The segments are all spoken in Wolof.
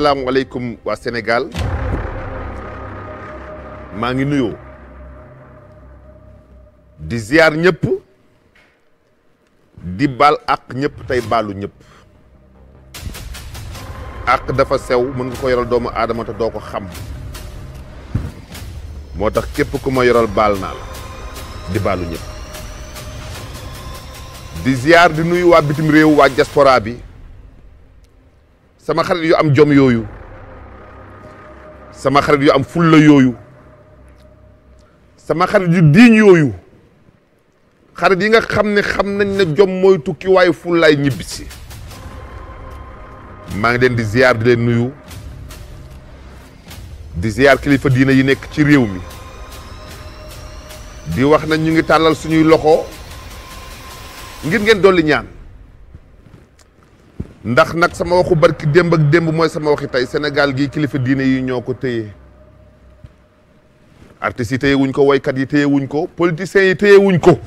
asalaamualeykum waa Sénégal maa ngi nuyoo di ziar ñëpp di baal ak ñëpp tey baalu ñëpp ak dafa sew mën nga ko yoral doomu aadama te doo ko xam moo tax képp ku ma baal naa la di baalu ñëpp di ziar di nuyu waa bitim réew waa diaspora bi sama xarit yu am jom yooyu sama xarit yu am fulla yooyu sama xarit yu diiñ yooyu xarit yi nga xam ni xam nañ ne jom mooy tukki waaye fullaay ñibbisi maa ngi leen di ziar di leen nuyu di kilifa diina yi nekk ci réew mi di wax nañ ñu ngi tàllal suñuy loxo ngir ngeen dolli ñaan ndax nag sama waxu barki démb ak démb mooy sama waxi tey Sénégal gii kilifa diine yi ñoo ko téye artistes yi téye wuñ ko woykat yi téye wuñ ko politiciens yi téye wuñ ko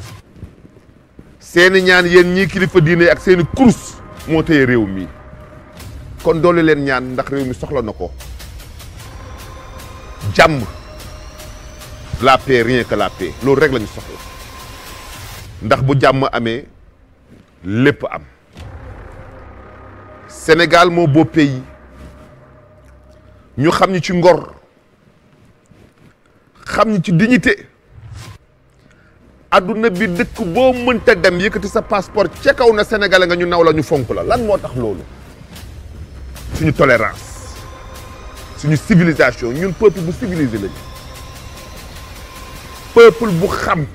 seeni ñaan yéen ñii kilifa diine ak seeni kurus moo téye réew mi kon doole leen ñaan ndax réew mi soxla na ko jàmm la paix rien que la loolu rek la ñu soxla ndax bu jàmm amee lépp am Sénégal moo beau pays ñu xam ñu ci ngor xam ñu ci dignité adduna bi dëkk boo mënta dem yëkkati sa passeport ca kaw na sénégalais nga ñu naw la ñu fonk la lan moo tax loolu suñu tolérance suñu civilisation ñun peuple bu civilisé lañu peuple bu xam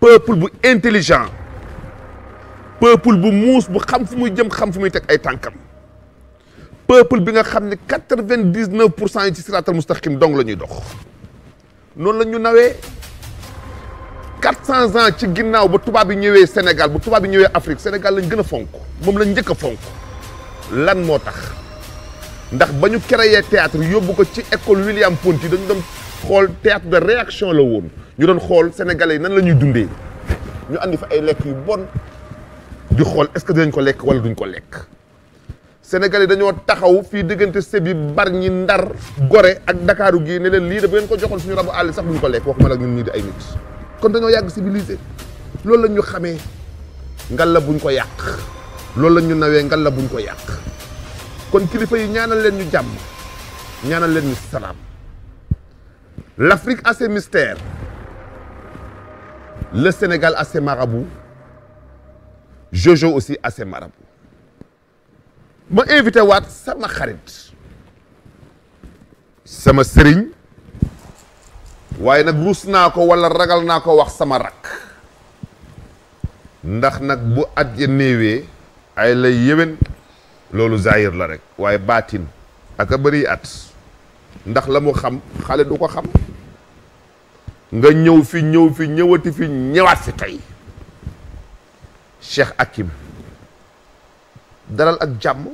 peuple bu intelligent peuple bu muus bu xam fu muy jëm xam fu muy teg ay tànkam peuple bi nga xam ne quatre-vingt-dix-neuf pour cent yi ci siraatal mustaqim dong la ñuy dox noonu la ñu nawee quatre cent ans ci ginnaaw ba tubaab yi ñëwee Sénégal ba tubaab yi ñëwee Afrique Sénégal lañ gën a fonk moom lañ njëkk a fonk lan moo tax ndax ba ñu créé théâtre yóbbu ko ci école William Ponty dañu dem xool théâtre de réaction la woon ñu doon xool sénégalais nan la ñuy dundee ñu andi fa ay lekk yu bon di xool est-ce que dinañ ko lekk wala duñ ko lekk Sénégal yi dañoo taxaw fii diggante sëb yi bari ñi ndar gore ak ndakaaru gii ne leen lii de bu ngeen ko joxoon suñu rabu àll sax duñ ko lekk waxuma la ñun ñii di ay nit kon dañoo yàgg civilisé loolu la ñu xamee ngal la buñ ko yàq loolu la ñu nawee ngal la buñ ko yàq kon kilifa yi ñaanal leen ñu jàmm ñaanal leen ñu salaam l'Afrique a ses mystères le Sénégal a ses marabouts Jojo aussi à ses marabouts ma invité waat sama xarit sama sëriñ waaye nag ruus naa ko wala ragal naa ko wax sama rak ndax nag bu at ya néewee ay lay yéwén loolu zahir la rek waaye baatin ak bari at ndax la mu xam xale du ko xam nga ñëw fi ñëw fi ñëwati fi ñëwaat fi tey Cheikh Hakim dalal ak jàmm.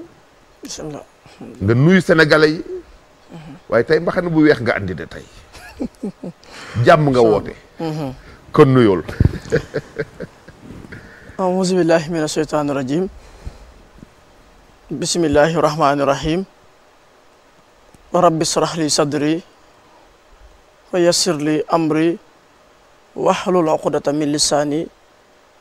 nga nuyu sénégalais yi. waaye tey bu weex nga andi de tey nga woote. Mhm. kon nuyool. auzu billahi mina shaytaani rajim bismillahi rahmaani rahim rabbi srah li sadri wa yassir li amri wahlul uqdata min lisaani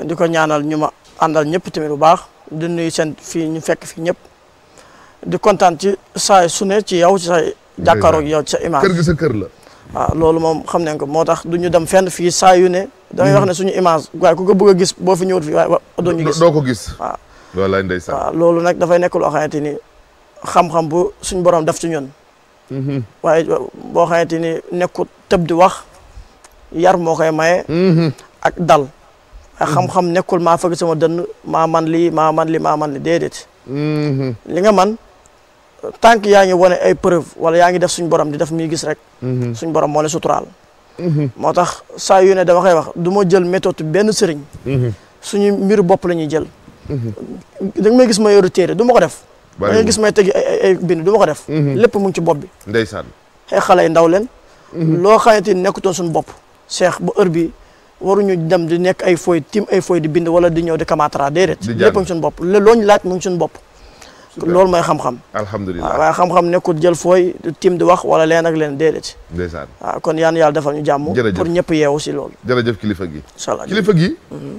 di ko ñaanal ñu ma àndal ñëpp tamit bu baax di nuyu seen fii ñu fekk fii ñëpp di kontaan ci saay su ne ci yow ci say jàkkaaroog yow ci sa image kër sa kër la waaw loolu moom xam nañ ko moo tax du dem fenn fii saa yu ne damay wax ne mm-hmm. suñu image waaye ku ko bëgg a gis boo fi fii waaye doo ñu gis doo ko gis waaw wallaay loolu nag dafay nekk loo xamante ni xam-xam bu suñu borom def ci ñun mm-hmm. waaye boo xamante ni nekkut tëb di wax yar moo koy maye mm-hmm. ak dal Mm-hmm. xam-xam nekkul maa fëgg sama dënn maa man lii maa man lii maa man lii déedéet. Mm-hmm. li nga man tànk yaa ngi wane ay preuve wala yaa ngi def suñ borom di def muy gis rek. Mm-hmm. suñ borom moo la suturaal. moo tax saa yu ne dama koy wax du ma jël méthode benn sëriñ. suñu mbiru bopp la ñuy jël. da nga may gis ma yoru téere du ma ko def. da ngay gis ma tegi ay ay bind du ma ko def. lépp mu ngi ci bopp bi. ndeysaan ay xale yu ndaw leen. loo xamante ni suñu bopp. seex ba heure bi waruñu dem di nekk ay fooy tim ay fooy di bind wala di ñëw di kamatra déedéet lépp ngi bopp loo ñu laaj mu bopp loolu mooy xam-xam alhamdulilah waaw xam-xam nekkul jël fooy tim di wax wala leen ak leen déedéet ndeysaan waaw kon yaan yàlla defal ñu jàmm pour ñëpp yeewu si loolu jërëjëf kilifa gi incha allah kilifa gi mhm.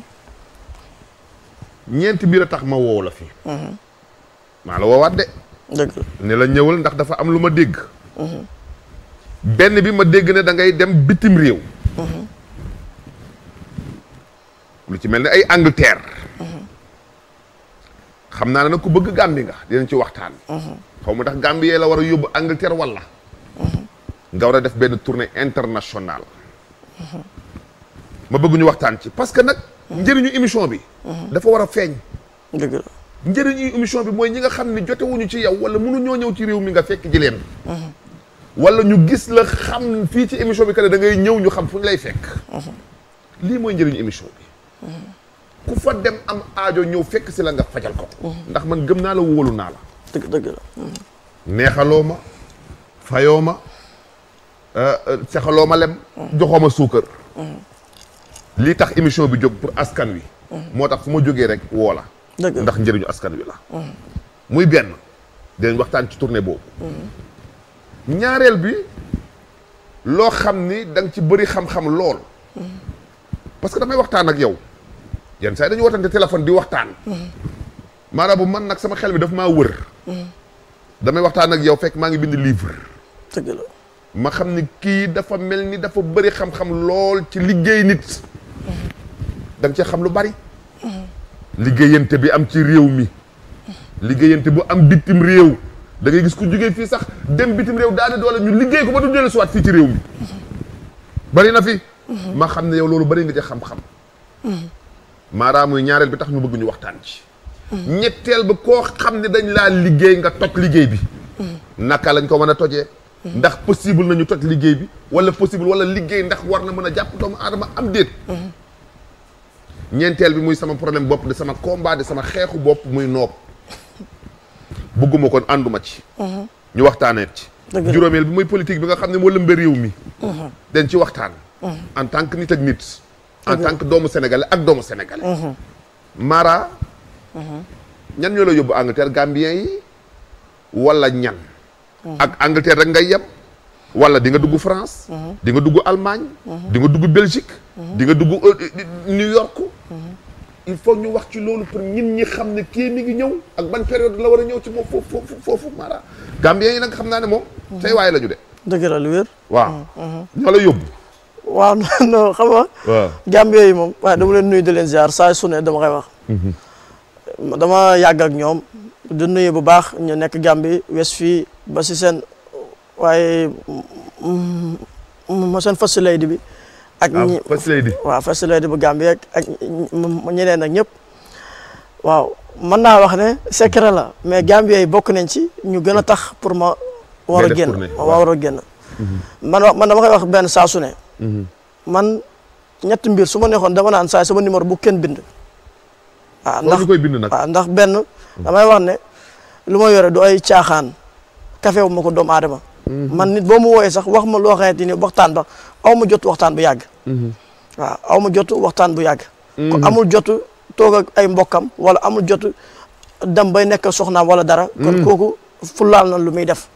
ñeenti mbir a tax ma woow la fi mhm. maa la woowaat de dëgg ne la ñëwal ndax dafa am lu ma dégg mhm. benn bi ma dégg ne da ngay dem bitim réew lu ci mel ni ay Angleterre. xam naa ne nag ku bëgg Gambie nga dinañ ci waxtaan. xaw ma tax gàmbi yee la war a yóbbu Angleterre wala. nga war a def benn tournée internationale. ma bëgg ñu waxtaan ci parce que nag. njëriñu émission bi. dafa war a feeñ. dëgg la njëriñu émission bi mooy ñi nga xam ne jotewuñu ci yow wala mënuñoo ñëw ci réew mi nga fekk ji leen. wala ñu gis la xam fii ci émission bi que da ngay ñëw ñu xam fu ñu lay fekk. lii mooy njëriñu émission bi. ku fa dem am aajo ñëw fekk si la nga fajal ko ndax man gëm naa la wóolu naa la dëgg dëgg la neexaloo ma fayoo ma euh, euh, ma lem joxoo ma suukar lii tax émission bi jóg pour askan wi moo tax fu ma jógee rek woo la ndax njëriñu askan wi la muy benn dinañ waxtaan ci tournée boobu ñaareel bi loo xam ni da ci bëri xam lool parce que damay waxtaan ak yow yenn saa yi dañu watante téléphone di waxtaan maanaam bu man nag sama xel bi daf maa wër damay waxtaan ak yow fekk maa ngi bind livre ma xam ni kii dafa mel ni dafa bëri xam-xam lool ci liggéey nit da nga xam lu bari liggéeyante bi am ci réew mi liggéeyante bu am bitim réew dangay ngay gis ku jógee fii sax dem bitim réew daane doole ñu liggéey ko ba du dellu siwaat fii ci réew mi bari na fi ma xam ne yow loolu bari nga ca xam-xam maanaam muy ñaareel bi tax ñu bëgg ñu waxtaan ci. ñetteel ba koo xam ne dañ laa liggéey nga toj liggéey bi. naka lañ ko mën a tojee. ndax possible nañu toj liggéey bi wala possible wala liggéey ndax war na mën a jàpp doomu aadama am déet. ñeenteel bi muy sama problème bopp di sama komba di sama xeexu bopp muy noob. bëgguma kon ànduma ci. ñu waxtaanee ci. juróomeel bi muy politique bi nga xam ne moo lëmbe réew mi. dañ ci waxtaan. en tant que nit ak nit. en tant que doomu sénégalais ak doomu sénégalais. Mara. ñan ñoo la yóbbu Angleterre Gambien yi wala ñan. ak Angleterre rek nga yem. wala di nga dugg France. di nga dugg Allemagne. di nga dugg Belgique. di nga dugg euh, euh, New York. il faut ñu wax ci loolu pour ñin ñi xam ne kii mi ngi ñëw ak ban période la war a ñëw ci moom foofu foofu Mara. Gambien yi nag xam naa ne moom. tey waaye la de. dëgg la lu mm-hmm. ñoo la yóbbu. waaw non xam nga. waaw Gambie moom. waaye dama leen nuyu di leen ziar saa su ne dama koy wax. Mhm. dama yàgg ak ñoom. di nuyu bu baax ñu nekk Gambie wes fii basi seen waaye ma seen first lady bi. ak ah, ñi waaw first bu Gambie ak ak ñeneen ak ñëpp. waaw mën naa wax ne secret la mais Gambie yi bokk nañ ci ñu gën a tax pour ma. war a génn ma war a génn. Mhm. man man dama koy wax benn saa su ne. man ñetti mbir su ma neexoon dama naan saay sama numéro bu kenn bind. ah ndax waaw ndax benn. damay wax ne lu ma yore du ay caaxaan. kafe wu ma ko doomu aadama. Mhm. man nit boo mu wooyee sax wax ma loo xamante ni waxtaan ba aw ma jot waxtaan bu yàgg. Mhm. aw ma jot waxtaan bu yàgg. ko mhm. amul jot toog ak ay mbokkam wala amul jot dem bay nekk soxnaam wala dara. kon kooku fullaal na lu muy def.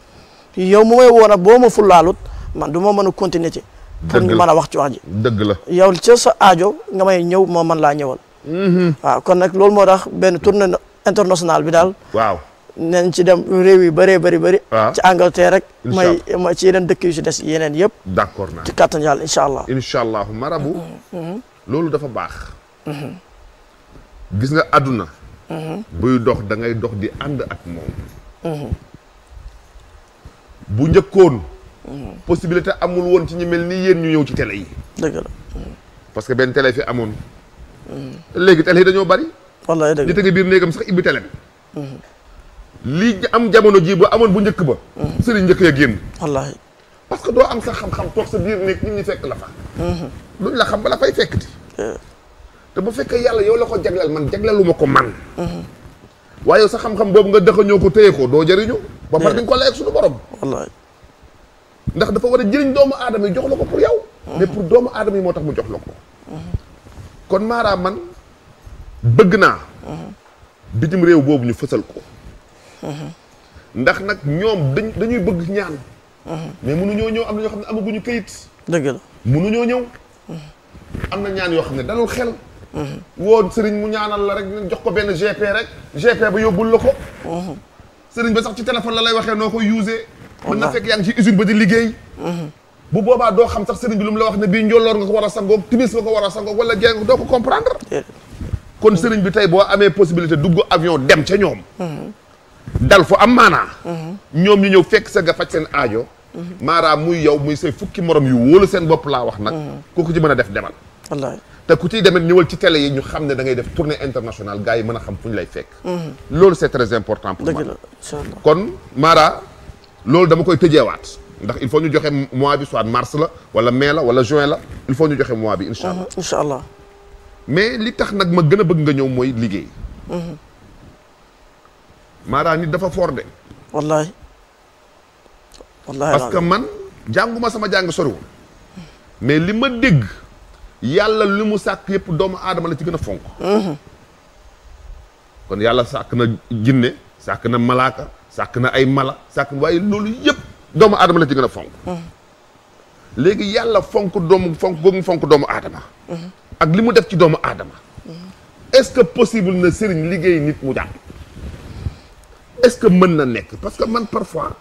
yow mu may woon a boo ma fullaalut man du ma mën a continuer ci. pour ñu a wax ci wax ji. dëgg la yow ca sa aajo nga may ñëw moo man laa ñëwal. Mm-hmm. waaw kon nag loolu moo tax benn tournée internationale bi daal. waaw nañ ci dem réew yi bëree bëri bëri. Ah. ci Angleterre rek. may ma ci yeneen dëkk yu ci des yeneen yëpp. d' naa ci kattan yàlla allah. incha allah marabu. Mm-hmm. loolu dafa baax. Mm-hmm. gis nga àdduna. buy dox da dox di ànd ak moom. bu njëkkoon. possibilité amul woon ci ñi mel ni yéen ñu ñëw ci télé yi. parce que benn télé fi amoon. léegi télé yi dañoo bari. wallaay dëgg la ñu tëgg biir néegam sax ibbi télé bi. Mm-hmm. lii am jamono jii ba amoon bu njëkk ba. Mm-hmm. sëriñ njëkk ya génn. wallaay. que doo am sa xam-xam sa biir néeg nit ñi fekk la fa. luñ mm-hmm. la xam ba la fay fekk di. te bu fekkee yàlla yow la ko jagleel man jagleeluma ko man. waaye sa xam-xam boobu nga dëxañoo ko téye ko doo jëriñu. ba pare di nga ko laaj ak suñu borom. wallaay. ndax dafa war a jëriñ doomu aadama yi jox la ko pour yow. mais pour doomu aadama yi moo tax mu jox la ko. kon Mara man bëgg naa. bitim réew boobu ñu fësal ko. ndax nag ñoom dañ dañuy bëgg ñaan. mais mënuñoo ñëw am na ñoo xam ne amaguñu kayit. dëgg la mënuñoo ñëw. am na ñaan yoo xam ne dalul xel. woo sëriñ mu ñaanal la rek jox ko benn GP rek. GP ba yóbbul la ko. sëriñ ba sax ci téléphone la lay waxee noo ko usé. mën na fekk yaa ngi ci usine ba di liggéey mhm. bu boobaa doo xam sax sëriñ bi lu mu la wax ne bii njolloor nga ko war a sangoog timis nga ko war a sangoog wala geng doo ko comprendre kon sëriñ bi tey boo amee possibilité dugg avion dem ca ñoom mhm. dal fu am maanaa mhm. ñoom ñu ñëw fekk sa nga faj seen aajo maaraam muy yow muy say fukki morom yu wóolu seen bopp laa wax nag kooku ci mën a def demal wallaay te ku ciy demet ñëwal ci télé yi ñu xam ne da ngay def tournée internationale gars yi mën a xam fu ñu lay fekk loolu c'est très important pour moi kon Mara loolu dama koy tëjeewaat ndax il faut ñu joxe mois bi soit mars la wala mais la wala juin la il faut ñu joxe mois bi incha allah incha allah mais li tax nag ma gën a bëgg nga ñëw mooy liggéey mhm. maanaam nit dafa forde wallaay wallaay parce que man jànguma sama jàng soriwul mais li ma dégg yàlla li mu sàkk yëpp doomu aadama la ci gën a fonk mhm. kon yàlla sàkk na jinne sàkk na malaaka sàkk na ay mala sàkk waaye loolu yëpp doomu adama la ci gën a fonk mm-hmm. léegi yàlla fonk doomu fonk googu fonk doomu aadama mm-hmm. ak li mu def ci doomu aadama mm-hmm. est-ce que possible na sëriñ liggéey nit mu jàng est-ce que mën na nekk parce que man parfois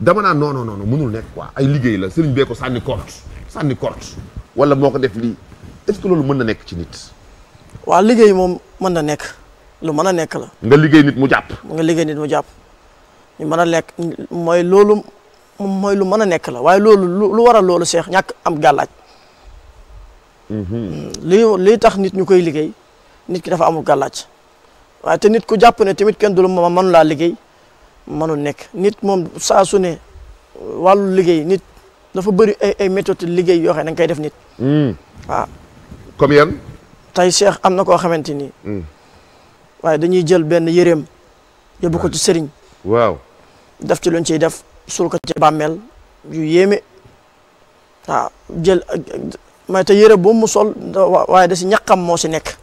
dama naa non non mënul nekk quoi ay liggéey la sëriñ bee ko sànni korte sànni korte wala moo ko def lii est-ce que loolu mën na nekk ci nit waaw liggéey moom mën na nekk lu mën a nekk la. nga liggéey nit mu jàpp. nga liggéey nit mu jàpp ñu mën a nekk mooy loolu mooy lu mën a nekk la waaye loolu lu war a loolu Cheikh ñàkk am gàllaaj mm-hmm. mm. li tax nit ñu koy liggéey nit ki dafa amul gàllaaj waaye te nit ku jàpp ne tamit kenn du la ma mënu laa liggéey mënul nekk nit moom saasu ne wàllu liggéey nit dafa bëri ay ay méthode liggéey yoo xam ne koy def nit. Mm. waaw. comme yan. tey am na koo xamante ni. Mm. waaye dañuy jël benn yëreem yóbbu ko ci sëriñ waaw def ci luñ ciy def suul ko ci bàmmeel yu yéeme waaw jël may te yëre boobu mu sol waaye da si ñaqam moo si nekk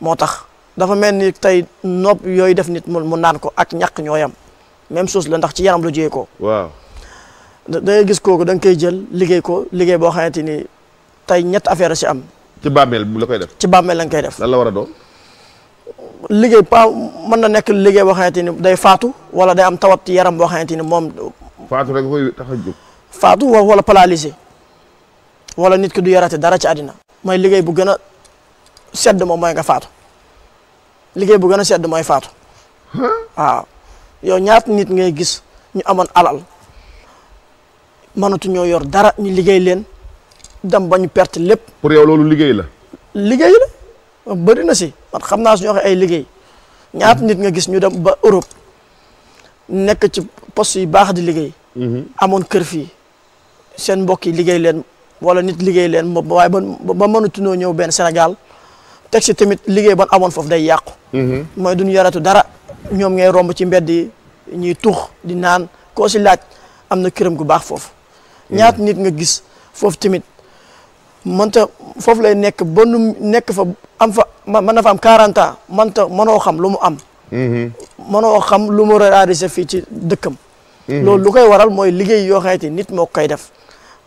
moo tax dafa mel ni tey nopp yooyu def nit mu naan ko ak ñaq ñooyam même soos la ndax ci yaram la jógee ko waaw da gis kooku da koy jël liggéey ko liggéey boo xamante ni tey ñett affaire si am ci bàmmeel bu koy def ci bàmmeel la koy def lan la war a doon liggéey mën na nekk liggéey boo ni day faatu wala day am tawat yaram boo xamante ni moom. faatu rek koy tax a jóg. wala paralysé wala nit ki du yarate dara ci àddina. mooy liggéey bu gën a sedd moom mooy nga faatu liggéey bu gën a sedd mooy faatu waaw yow ñaata nit ngay gis ñu amoon alal mënatu ñoo yor dara ñu liggéey leen dem ñu perte lépp. pour yow loolu liggéey la. liggéey la bëri na si. man xam naa suñu waxee ay liggéey ñaata nit nga gis ñu dem ba Europe nekk ci poste yu baax di liggéey mhm. amoon kër fii seen mbokk yi liggéey leen wala nit liggéey leen moom waaye ba ba mënatunoo ñëw benn senegal teg si tamit liggéey ban amoon foofu day yàqu mhm. mooy duñ yaratu dara ñoom ngay romb ci mbedd yi ñuy tux di naan koo si laaj am na këram gu baax foofu mhm. ñaata nit nga gis foofu tamit mënta foofu lay nekk ba nu nekk fa am fa mën na fa am 40 ans mënta mënoo xam lu mu am. Mm-hmm. mënoo xam lu mu a réalisé fii ci dëkkam. Mm-hmm. loolu lu koy waral mooy liggéey yoo xamante ni nit moo koy def.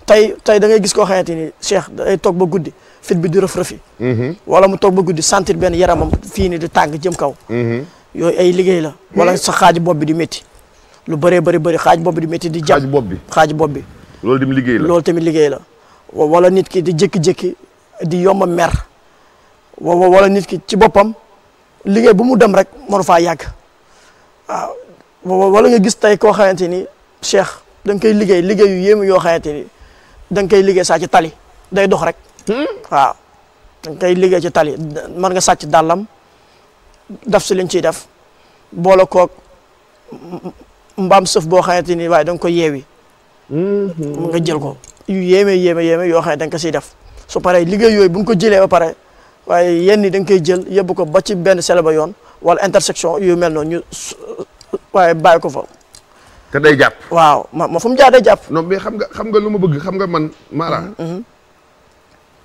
tey tey da ngay gis koo xamante ni Cheikh day toog ba guddi fit bi di rëf-rëfi. Mm-hmm. wala mu toog ba guddi santir benn yaramam fii ni di tàng jëm kaw. yooyu ay liggéey la. wala sa xaaj bopp bi di métti. lu bëree bëri bëri xaaj bopp bi di métti di. jàpp xaaj bopp bi xaaj bopp bi. loolu di liggéey la loolu tamit liggéey la. wala nit ki di jékki-jékki di yomb mer wala nit ki ci boppam liggéey bu mu dem rek mën faa yàgg waaw wala nga gis tey koo xamante ni Cheikh da nga koy liggéey liggéey yu yéemu yoo xamante ni da nga koy liggéey saa ci tali day dox rek hmm? waaw da nga koy liggéey ci tali mën nga sàcc dàllam def si liñ ciy def boole koog mbaam sëf boo xamante ni waaye da nga ko yeewi. Hmm, hmm, nga jël ko. yu yéeme yéeme yéeme yoo xam ne da ko siy def su pare liggéey yooyu bu ñu ko jëlee ba pare waaye yenn yi da koy jël yóbbu ko ba ci benn sele ba yoon wala intersection yu mel noonu ñu waaye bàyyi ko fa. te day jàpp. waaw ma ma fu mu jaar day jàpp. non mais xam nga xam nga lu ma bëgg xam nga man. Mara. Mm-hmm, mm-hmm.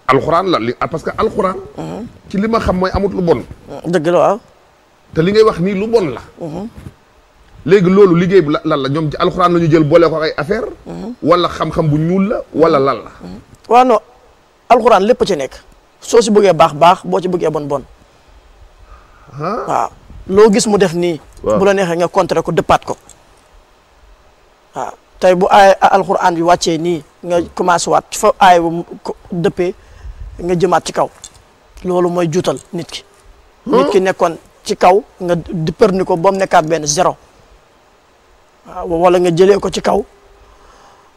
alxuraan la li ah, parce que alxuraan. Mm-hmm. ci li ma xam mooy amut lu bon. dëgg la waaw. te li ngay wax nii lu bon la. léegi loolu liggéey bi lan la ñoom ci alxuraan la ñu jël boole ko ay affaire mhm. wala xam-xam bu ñuul la wala lan la mhm. waaw non alxuraan lépp ci nekk soo si buggee baax baax boo ci bëggee bon bon waaw loo gis mu def nii bu la neexee nga contrer ko dëppaat ko waaw tey bu aay alxuraan bi wàccee nii nga hmm. commencé waat fa aay bu dëppee nga jëmaat ci kaw loolu mooy juutal nit ki hmm? nit ki nekkoon ci kaw nga dipër ni ko ba nekkaat benn zéro waaw ah, wala nga jëlee ko ci kaw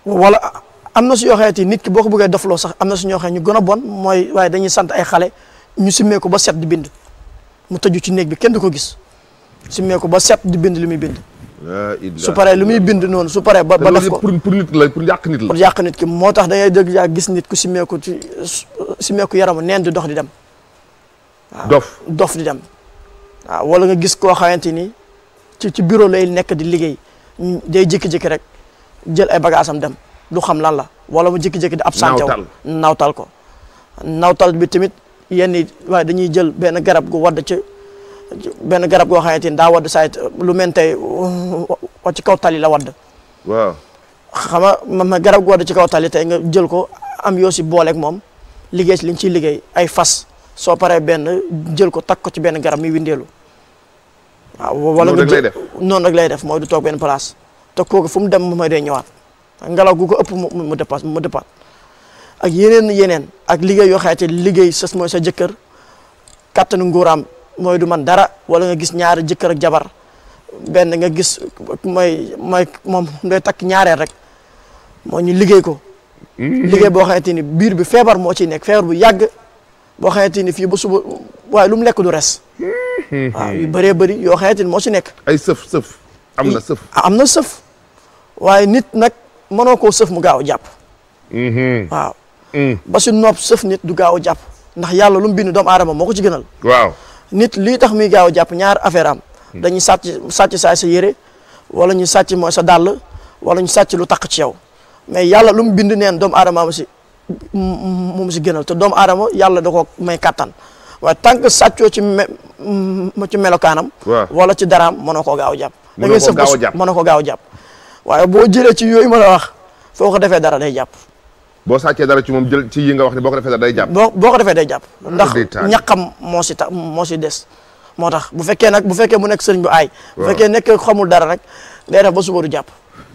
wala am na su yoo nit ki boo ko bëggee defloo sax am na su ñoo xam ñu gën a bon mooy waaye dañuy sant ay xale ñu simmee ko ba set di bind mu tëju ci néeg bi kenn du ko gis simmee ko ba set di bind li muy bind. su paree lu muy bind noonu su paree ba ba def ko pour nit la pour yàq nit yàq nit ki moo tax da ngay dégg yaa gis nit ku simmee ko ci simmee ko yaramu neen di dox di dem. dof dof di dem. waaw wala nga gis koo xamante ni ci ci bureau lay nekk di liggéey. day jékki-jékki rek jël ay bagages am dem du xam lan la wala mu jékki-jékki di absenté wu nawtal ko nawtal bi tamit yenn waaye dañuy jël benn garab gu wadd ci benn garab goo xamante ni daa wadd saa lu mel tey ci kaw tali la wadd waaw xam nga garab gu wadd ci kaw tali tey nga jël ko am yoo si booleeg moom liggéey si liñ ciy liggéey ay fas soo paree benn jël ko takk ko ci benn garab mi windeelu Ah, waaw wala nga lay def noonu rek lay def mooy du toog benn place te kooku fu mu dem mooy day ñëwaat ngelaw gu ko ëpp mu mu dépasse mu dépasse ak yeneen yeneen ak liggéey yoo xamante liggéey sës mooy sa jëkkër kattanu nguuraam mooy du man dara wala nga gis ñaari jëkkër ak jabar benn nga gis mooy mooy moom day takk ñaareel rek moo ñu liggéey ko. Hmm. liggéey boo xamante ni biir bi feebar moo ci nekk feebar bu yàgg. boo xamante ni fii ba suba waaye lu mu lekk du res. Hmm. waaw yu bëree bëri yoo xamante ni moo si nekk. ay sëf sëf. am na sëf a am na sëf. waaye nit nag mënoo koo sëf mu gaaw a jàpp. Hmm. waaw. Hmm. ba si nopp sëf nit du gaaw a jàpp ndax yàlla lu bind doomu aadama moo ko ci gënal. waaw nit lii tax muy gaaw a jàpp ñaar affaire am. dañuy sàcc sàcc saa sa yére wala ñu sàcc mooy sa dàll wala ñu sàcc lu taq ci yow mais yàlla lu mu neen doomu aadama am si. moom si gënal te doomu aadama yàlla da ko may kattan waaye tant que sàccoo ci me ci melokaanam. wala ci daraam mënoo koo gaaw a jàpp. mënoo koo gaaw a jàpp da ngay ko gaaw a jàpp. waaye boo jëlee ci yooyu ma la wax foo ko defee dara day jàpp. boo sàccee dara ci moom jël ci nga wax ne boo defee dara day jàpp. boo boo ko defee day jàpp. ndax ñaqam moo si tax moo si des. moo tax bu fekkee nag bu fekkee mu nekk sëriñ bu aay. bu fekkee nekk xamul dara rek day def ba suba du jàpp.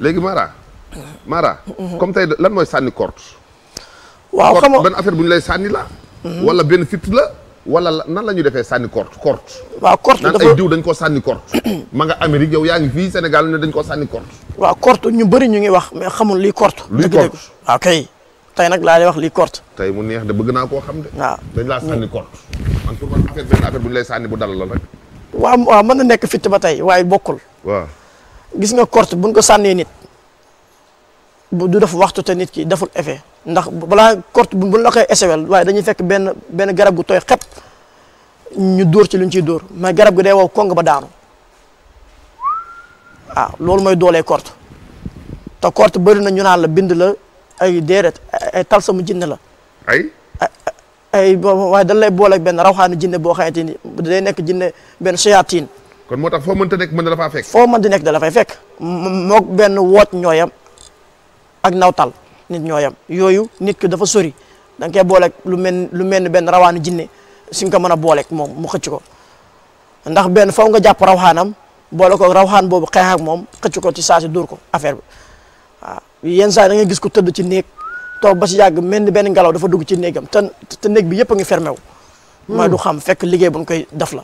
léegi Mara. Mara. Mm-hmm. comme tey lan mooy sànni korte waaw xam nga benn affaire bu ñu lay sànni la. Mhm. wala benn fitt la. wala nan la ñuy defee sànni korte korte. waaw korte dafa naan ay dañ koo sànni ma nga Amérique yow yaa ngi fii Sénégal ne dañ koo sànni korte. waaw ñu bëri ñu ngi wax mais xamul lii korte. luy korte waaw kay. tey nag laa lay wax lii korte. tey mu neex de bëgg naa koo xam de. waaw dañ laa sànni korte. man pour man affaire benn bu ñu lay sànni bu dal la rek. waaw waaw mën na nekk fitt ba tey waaye bokkul. gis nga bu buñ ko sànnee nit du def waxtu te nit ki daful effet ndax balaa korte bu la koy esewel waaye dañuy fekk benn benn garab gu tooy xepp ñu dóor ci lu ñu ciy dóor mais garab gi day wow kong ba daanu waaw loolu mooy doolee korte te korte bëri na ñu naan la bind la ay déeret ay tal mu jinne la ay ay waaye dañ lay booleeg benn rawxaanu jinne boo xamante ni day nekk jinne benn soyaatiin kon moo tax foo mënta nekk mën na la faa fekk foo mënta nekk da la fay fekk mook benn woot ñooyam ak nawtal nit ñooyam yooyu nit ki dafa sori da nga koy booleeg lu mel lu mel ni benn rawaanu jinne si nga ko mën a booleeg moom mu xëcc ko ndax benn faw nga jàpp rawxaanam boole ko rawxaan boobu xeex moom xëcc ko ci saa si dóor ko affaire bi waaw yenn saa da gis ko tëdd ci néeg toog ba si yàgg mel ni benn ngelaw dafa dugg ci néegam te te néeg bi yëpp a ngi fermé wu. mooy xam fekk liggéey bu ñu koy def la.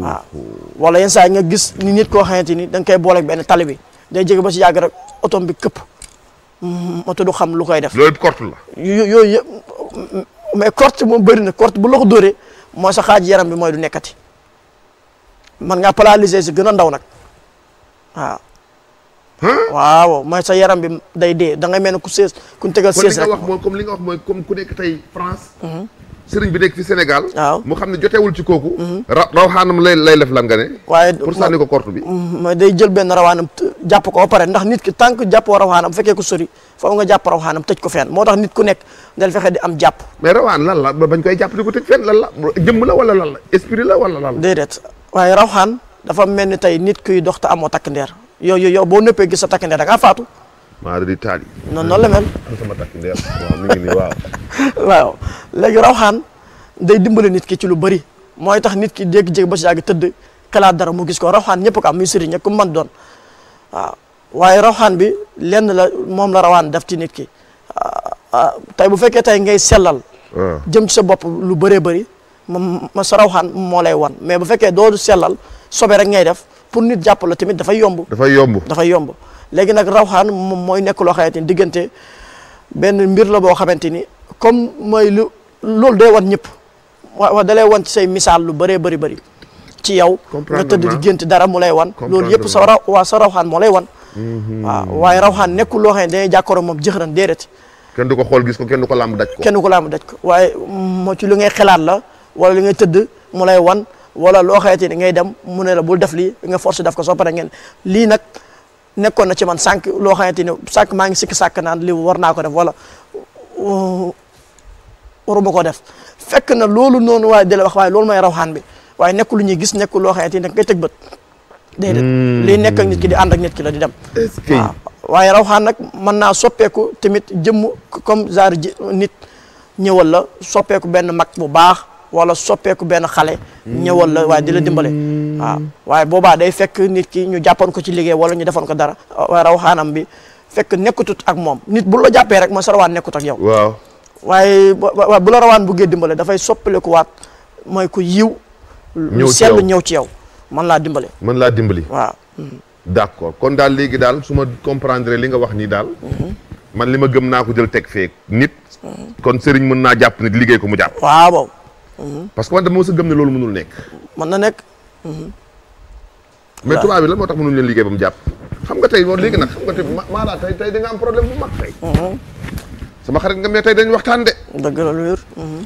waaw wala yenn nga gis ni nit koo xamante ni da nga koy booleeg benn tali bi day jege ba si yàgg rek otom bi këpp. moto du xam lu koy def. loolu yëpp korte la. yooyu mais korte moom bëri na korte bu la ko dóoree mooy sa xaaj yaram bi mooy du nekkati man ngaa paralysé si gën a ndaw nag waaw. waaw mooy sa yaram bi day dee da ngay mel ku sees ku ñu tegal sees rek. li nga wax mooy comme li nga wax mooy comme ku nekk tey France. Mm-hmm. sëriñ bi nekk fi Sénégal. waaw mu xam ne joteewul ci kooku. Mhm. ra rawaxaanam lay lay lef lan nga ne. ko korte bi. Mhm. mooy day jël benn rawaanam jàpp ko ba pare ndax nit ki tant que jàppoo rawaanam fekkee ko sori faaw nga jàpp rawaanam ko fenn moo tax nit ku nekk dal fexe di am jàpp. mais rawaan lan la bañ koy jàpp di ko tëj fenn lan la jëmm la wala lan la esprit la wala lan la. déedéet waaye rawaxaan dafa mel ni tey nit kuy dox te amoo takk ndeer yooyu yow boo nëppee gis sa takk ndeer da ngaa faatu. maa di taal yi. non la mel. sama takk day dimbale nit ki ci lu bëri mooy tax nit ki jékki-jékki ba si yàgg tëdd xalaat dara mu gis ko rawxaan ñëpp ko am muy sëriñ ñëpp ku mën doon waaw bi lenn la moom la rawaan def ci nit ki ah, ah, tey bu fekkee tey ngay sellal. Ah. jëm sa bopp lu bëree bari ma sa rawxaan moo lay wan mais bu fekkee doo sellal sobe rek ngay def pour nit jàpp la tamit dafay yomb. dafay yomb dafay yomb. léegi nag rawxaan moom mooy nekk loo xamante diggante benn mbir la boo xamante ni comme mooy lu loolu day wan ñëpp wa dalay wan ci say misaal lu bëree bëri bëri ci yow nga tëdd dara mu lay wan loolu yëpp sa raw waa sa rawxaan moo lay wan mm-hmm. waaw waaye rawxaan nekkul loo xam ne dañuy jàkkaaroo moom jëxëran déedéet kenn du ko xool gis ko kenn du ko làmb daj ko ko làmb daj ko waaye moo ci li ngay xalaat la wala li ngay tëdd mu lay wan wala loo xamante ngay dem mu ne la bul def lii nga force def ko soo pare ngeen lii nag nekkoon na ci man sànq loo xamante ni sànq maa ngi sikk sàkk naan li war naa ko def wala uh, waruma ko def fekk na loolu noonu waaye di waaye loolu mooy rawxaan bi waaye nekk lu ñuy gis nekk loo xamante ni nag ngay teg bët déedéet hmm. liy nekk ak nit ki di ànd ak nit ki la di dem waaw waaye rawxaan nag mën naa soppeeku tamit jëmm comme genre nit ñëwal la soppeeku benn mag bu baax wala soppeeku benn xale ñëwal la waaye di la dimbale waaw waaye boobaa day fekk nit ki ñu jàppoon ko ci liggéey wala ñu defoon ko dara waaye rawaxaanam bi fekk nekkutut ak moom nit bu la jàppee rek mooy sa rawaan nekkut ak yow waaw waaye bu la rawaan buggee dimbale dafay soppaleku waat mooy ku yiw lu seetlu ñëw ci yow man laa dimbale mën laa dimbali waaw d'accord kon daal léegi daal su ma comprendre li nga wax nii daal mhm. man li ma gëm naa ko jël teg fee nit mhm. kon sëriñ mën naa jàpp liggéey ko mu jàpp parce que man dama mos a gëm ne loolu mënul nekk. mën na nekk. mais tubaab bi la moo tax mënuñ leen liggéey ba mu jàpp. xam nga tey loolu léegi nag xam nga tey maanaa am problème bu mag tey. Mhm. sama xarit nga tey dañu waxtaan de. dëgg la mhm.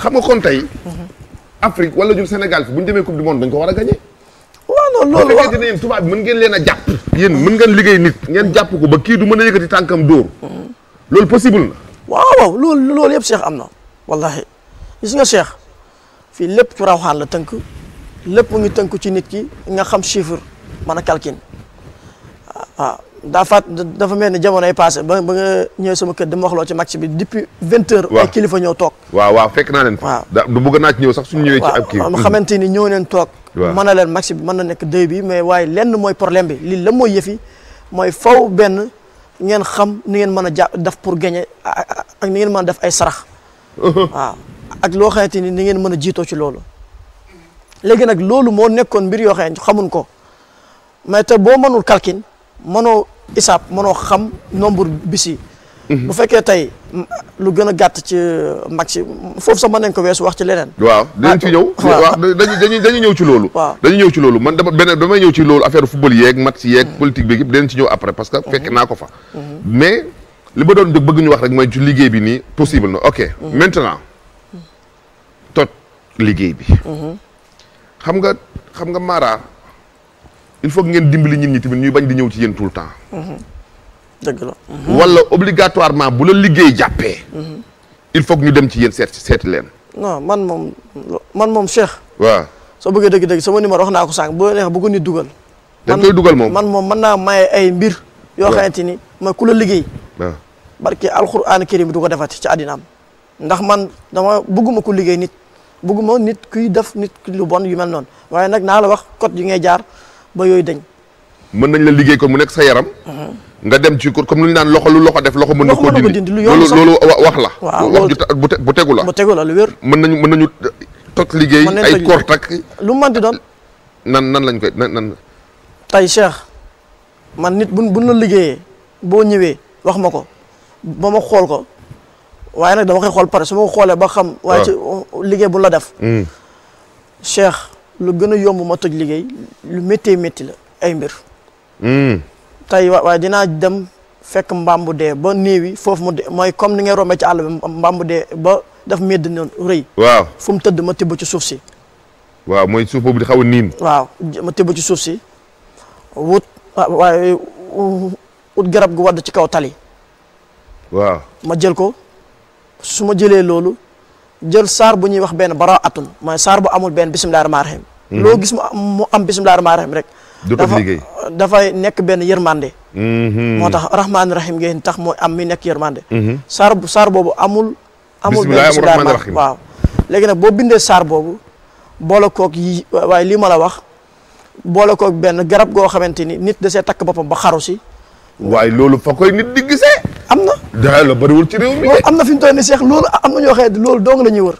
xam nga kon tey. Mhm. Afrique wala ñun Sénégal fi bu ñu demee coupe du monde dañ ko war a gagné. waaw non loolu waaw mën ngeen leen a jàpp. yéen mën ngeen liggéey nit ngeen jàpp ko ba kii du mën a yëkkati tànkam loolu possible na. waaw waaw loolu loolu yëpp Cheikh am na wallahi gis nga cheikh fii lépp ci rawxaan la tënk lépp mu ngi tënk ci nit ki nga xam chiffre mën a calcul waaw ah, ah, daa faat dafa mel ni jamono ay passé ba nga ñëwee sama kër dama waxloo ci match bi depuis vingt heures ay kilifa ñëw toog waa waaw fekk naa leen waaw du bëgg naa ci ñëw sax suñu ñëwee ci ab kii ma xamante ni ñëw neen toog mën a leen match bi mën na nekk dëy bi mais waaye lenn mooy problème bi lii la mooy yëfi mooy faw benn ngeen xam ni ngeen mën a jàpp def pour gagner ak ni ngeen mën def ay sarax ak loo xamante ni ni ngeen mën a jiitoo ci loolu léegi nag loolu moo nekkoon mbir yoo xamante xamuñ ko mais te boo mënul kalkin mënoo isaab mënoo xam nombre bis yi mhm. bu fekkee tey lu gën a gàtt ci maxi foofu sax mën nañ ko weesu wax ci leneen waaw ah, dinañ ci ñëw waaw dañu dañu ñëw ci loolu waaw dañu ñëw ci loolu man dama beneen damay ñëw ci loolu affaire football yeeg match yeeg mhm. politique bi yëpp dinañ ci ñëw après parce que mhm. fekk naa ko fa mais li ma doon bëgg ñu wax rek mooy ci liggéey bi nii possible na ok liggéey bi. xam nga xam nga Mara il faut que ngeen dimbali ñit ñi tamit ñuy bañ di ñëw ci yéen tout le temps. dëgg la. wala obligatoirement bu la liggéey jàppee. il faut ñu dem ci yéen seet seeti leen. non man moom man moom Cheikh. waaw soo bëggee dëgg-dëgg sama numéro wax naa ko sànq bu la neexee bu ko nit dugal. da koy dugal moom man moom mën naa maye ay mbir. yoo xamante ni ma ku la liggéey. waaw barke alxuraan karim du ko defati ci àddinaam. ndax man dama bëgguma ku liggéey bëgguma nit kuy def nit lu bon yu mel noonu waaye nag naa la wax code yi ngay jaar ba yooyu dañ. mën nañ la liggéey kon mu nekk sa yaram. nga dem ci comme lu ñu naan loxo lu loxo def loxo mën na koo dindi loolu loolu wax la wax ju bu tegu la bu tegu la lu wér mën nañu mën nañu toj liggéey ay kort ak lu man di doon nan nan lañ koy nan nan tey Cheikh man nit bu buñ la liggéeyee boo ñëwee wax ma ko ba ma xool ko waaye nag dama koy xool pare su ma ko xoolee ba xam. Ah. waaye ci liggéey bu la def. Hmm. cheikh lu gën a yomb ma toj liggéey lu méttee métti la ay mbir. Hmm. tey waaye dinaa dem fekk mbaam bu dee ba néew foofu mu dee mooy comme ni ngay rombee ci àll bi mbaam bu dee ba daf medd noonu fu mu tëdd ma tibb ci suuf si. waaw mooy suuf boobu di xaw niin. ma tibb ci suuf si wut garab gu wadd ci kaw tali. waaw ma jël ko. su ma jëlee loolu jël saar bu ñuy wax benn baraatun ma saar bu amul benn bisimilah rahmaani rahiim. Mhm. loo gis mu am mu am bisimilah rahmaani rahiim rek. dafa dafay nekk benn yërmande. Mhm. moo tax rahmaani rahiim ngeen tax mooy am mi nekk yërmande. Mhm. saar bu saar boobu amul. amul benn bisimilah rahmaani rahiim waaw. léegi nag boo bindee saar boobu boole koog yi waaye lii ma la wax boole kook benn garab goo xamante ni nit da see takk boppam ba xaru si. waaye loolu fa nit di gisee. am na. jaay la bëriwul ci réew mi. loolu am na fi ñu toll nii Cheikh loolu am na ñoo xam ne loolu dong la ñuy wër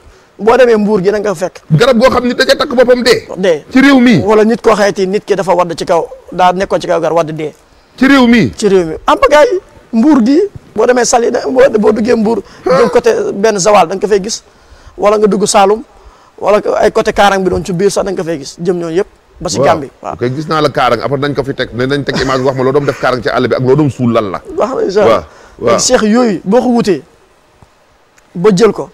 boo demee mbuur gi da nga fekk. garab goo xam ni da cee takk boppam dee. dee ci mi. wala nit koo xayti nit ki dafa wadd ci kaw daa nekkoon ci kaw gar wadd mi ci réew mi mbuur gi. boo demee Saly boo boo duggee mbuur. jëm côté benn zawal da nga ko gis. wala nga dugg Saalum wala ay côté Kaarang bi doon ci biir sax da nga la wax ma loo doon àll bi ak loo lan la. waaw waaw seex yooyu boo ko wutee ba jël ko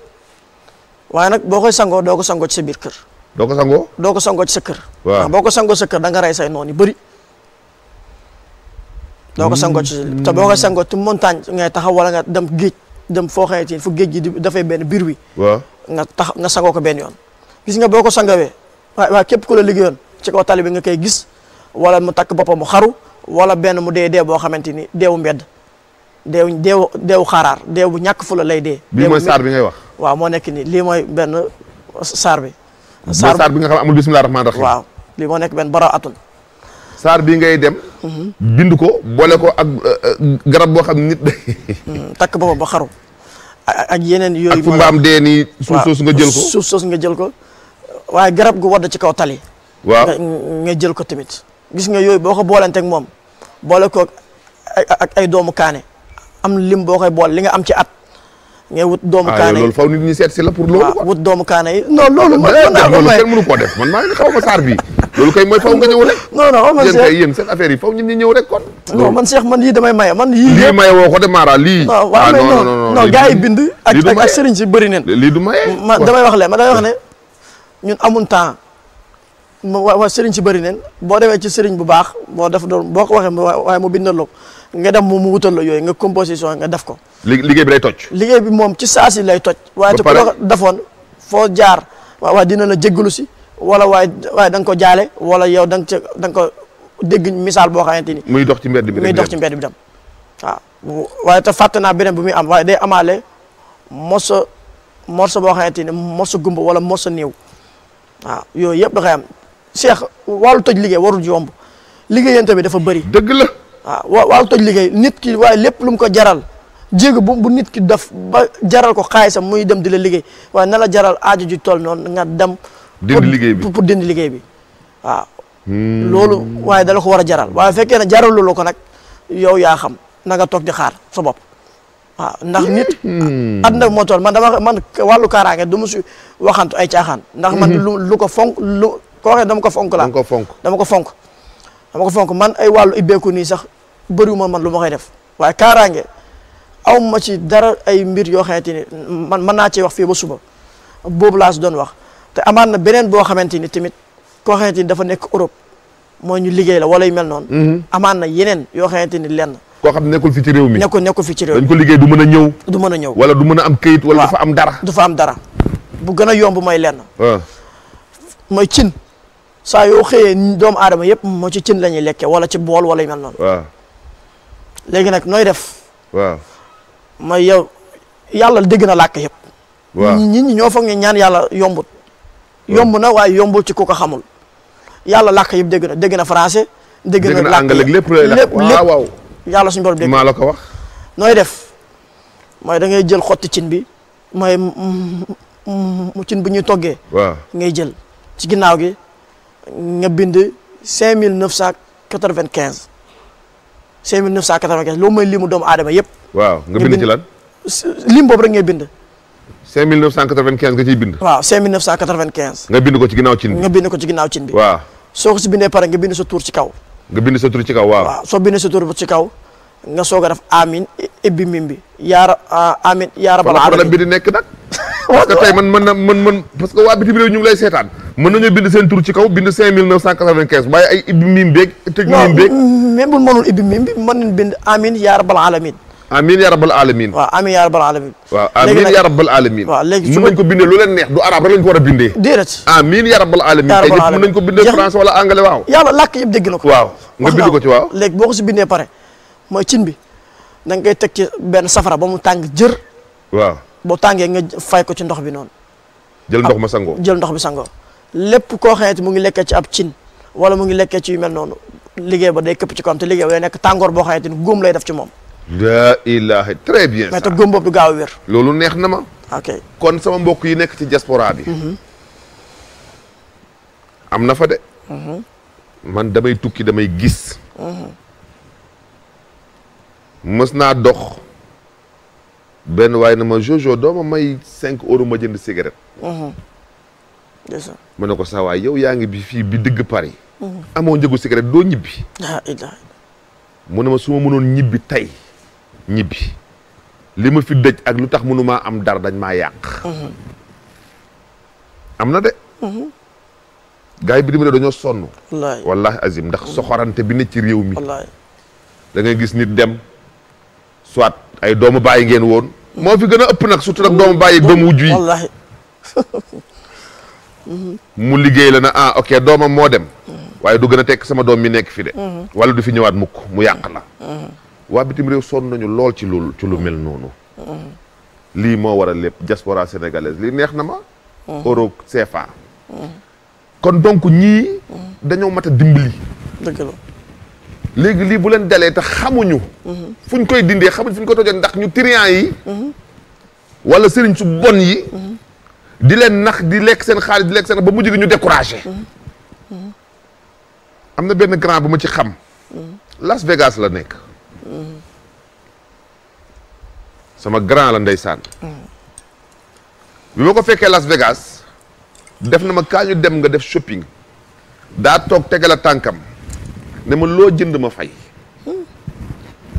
waaye nag boo koy sangoo doo ko sangoo ci sa biir kër. doo ko sangoo. doo ko sangoo ci sa kër. waaw boo ko sangoo sa kër da nga rey say noon yu bëri. doo sangoo ci hmm. te boo koy sangoo ti montagne ngay taxaw wala nga dem géej dem foo xamante ni fu géej gi dafay benn biir wi. nga tax nga sangoo ko benn yoon. gis nga boo ko sangawee waaw waaw képp ku la liggéeyoon ci kaw tali bi nga koy gis wala mu takk boppam mu xaru wala benn mu dee dee boo xamante ni deewu mbedd. deew deew deew xaaraar deew bu ñàkk fula lay dee. bii mooy saar bi ngay wax. waaw moo nekk nii lii mooy benn saar bi. saar bi nga xam amul bisimilah rahmaani rahiim. waaw lii moo nekk benn bara atun. saar bi ngay dem. Mhm. bind ko boole ko ak euh, euh, garab boo xam nit day. Hmm, takk boppam ba xaru. ak yeneen yooyu. ak fu mbaam dee nii. suuf soosu nga jël ko suuf soosu nga jël ko. waaye garab gu wadd ci kaw tali. waaw nga jël ko tamit. gis nga yooyu boo ko boolanteeg moom boole ko ak ay doomu kaane. am lim boo koy bool li nga am ci at. ngay wut doomu ah, kaana yi loolu faw nit ñi seet si la pour. loolu ah, wut doomu kaana yi. non loolu man loolu kenn mënu koo def man maa ngi xaw ma saar bi loolu kay mooy faw nga ñëw rek. non non man Cheikh yéen yi damay maye man yii. lii maye woo de Mara lii. ah non non non non si bëri lii du maye damay wax le man damay wax ne ñun amun temps waa sëriñ si bëri neen boo demee ci sëriñ bu baax boo def doon boo ko waxee waaye mu bindal la ko nga dem mu wutal la yooyu nga composition nga def ko. liggéey bi lay toj. liggéey bi moom ci saa si lay toj. waaye te ku la defoon foo jaar waaw dina na jéggalu si wala waaye waaye da nga ko jaale wala yow danga ca da ko dégg misaal boo xamante ni. muy dox ci mbedd bi muy dox ci mbedd bi dem waaw waaye te fàtte naa beneen bi muy am waaye day amaale mosa morso boo xamante ni mosa gumba wala mosa néew waaw yooyu yëpp da Cheikh wàllu toj liggéey warul yomb liggéeyante bi dafa bëri. dëgg la waaw wàllu toj liggéey nit ki waaye lépp lu ko jaral jéego bu bu nit ki def ba jaral ko xaalisam muy dem di la liggéey waaye na la jaral aajo ji toll noonu nga dem. dindi liggéey bi pour dindi liggéey bi waaw. Hmm. loolu waaye dala ko war a jaral waaye fekkee ne jaral loolu ko nag yow yaa xam na nga toog di xaar sa bopp. ndax nit. Hmm. at nag moo toll man dama man wàllu kaaraange ma si waxantu ay caaxaan. ndax man hmm. lu lu ko fonk koo xam ko fonk laa dama fonk dama ko fonk dama ko fonk man ay wàllu ibbeeku nii sax bëriwuma man lu ma koy def waaye kaaraange aw ma dara ay mbir yoo xamante ni man mën naa cee wax fii ba boobu laa si doon wax te amaan na beneen boo xamante ni tamit koo xamante ni dafa nekk Europe moo ñu liggéey la wala mel noonu mm-hmm. amaan na yeneen yoo xamante ni lenn koo xam nekkul fi ci réew mi nekkul nekkul fi ci dañ ko liggéey du mën a ñëw du mën a ñëw wala du mën a am këyit wala du fa am dara du fa am dara bu gën a yomb mooy lenn mooy cin saa yoo xëyee doomu aadama yëpp moo ci cin lañuy ñuy lekke wala ci bool wala yu mel noonu. léegi nag nooy def. waaw mooy yow dégg na làkk yëpp. waaw nit ñi ñoo foog ñu ñaan yàlla yombut. yomb na waaye yombul ci ku ko xamul. yàlla làkk yëpp dégg na dégg na français. dégg na làkk lépp lépp lépp yàlla suñu borom dégg maa la ko wax. nooy def mooy da ngay jël xotti cin bi mooy mu cin bu ñuy toggee. waaw ngay jël ci ginnaaw gi. nga bind cinq mille neuf cent quatre vingt quinze cinq mille ci lan. lim boobu rek nga ciy nga bind ko ci ginnaaw cin bi. nga bind cin bi. waaw soo ko si bindee pare nga bind sa tur ci kaw. nga bind sa a amin ibbi mim bi yaara amin yaara bala. problème bi di nekk nag. parce que waa bitim réew ñu ngi lay seetaan. mën nañoo bind seen tur ci kaw bind cinq mille neuf cent quatre-vingt-quinze waaye ay ibbi miim beeg tëj miim beeg mm, même bu mënul mën nañ bind amin yaa rabbal alamin amin yaa rabbal alamin waaw amin yaa rabbal alamin waaw amin yaa rabbal alamin waaw léegi mën nañ ko bindee lu leen neex du arabe rek lañ ko war a bindee déedéet amin yaa rabbal alamin tey ñëpp mën nañ ko bindee français wala anglais waaw yàlla làkk yëpp dégg na ko ko ci waaw léegi boo ko si bindee pare mooy cin bi nanga koy teg ci benn safara ba mu tàng jër waaw boo tàngee nga fay ko ci ndox bi noonu jël ah, ma sangoo jël ndox bi sangoo lépp koo xamante mu ngi lekkee ci ab cin wala mu ngi lekkee ci yu mel noonu liggéey ba day këpp ci ko am te liggéey ba day nekk tàngoor boo xamante ni góom lay def ci moom. la ilaha très bien. mais te góom boobu gaaw wér. loolu neex na ma. ok kon sama mbokk yi nekk ci diaspora bi. Mm-hmm. am na fa de. Mm-hmm. man damay tukki damay gis. Mm-hmm. mës naa dox benn waaye na ma jojo doo ma may cinq euros ma jënd cigarette. mu ne ko saa waay yow yaa ngi bi fii bi digg Paris. amoo njëgu cigarette doo ñibbi. mu ne ma su ma mënoon ñibbi tey ñibbi li ma fi dëj ak lu tax mënumaa am dara dañ maa yàq. Mm-hmm. am na de. Mm-hmm. gars yi bi dimbali dañoo sonn. wallahi azim ndax mm-hmm. soxorante bi ne ci réew mi. da gis nit dem soit ay doomu bàyyi ngeen woon. moo fi gën a ëpp nag surtout nag doomu bàyyi doomu wujj yi. mu liggéey la na ah ok doomam moo dem waaye du gën a tekk sama doom mi nekk fi de wala du fi ñëwaat mukk mu yàq la waa bitim réew sonn nañu lool ci loolu ci lu mel noonu lii moo waral lépp diaspora sénégalaise lii neex na ma euro CFA kon donc ñii dañoo mat a dimbali dëgg léegi lii bu leen dalee te xamuñu fu ñu koy dindee xamuñ fu ñu koy tojee ndax ñu trian yi wala sëriñ su bon yi di leen nax di lekk seen xaalis di lekk seen ba mujj gi ñu découragé. Mm-hmm. Mm-hmm. am na benn grand bu ma ci xam. Mm-hmm. Las Vegas la nekk. sama grand la ndeysaan. bi ma ko fekkee Las Vegas def na ma kaa ñu dem nga def shopping daa toog tegal a tànkam ne ma loo jënd ma fay.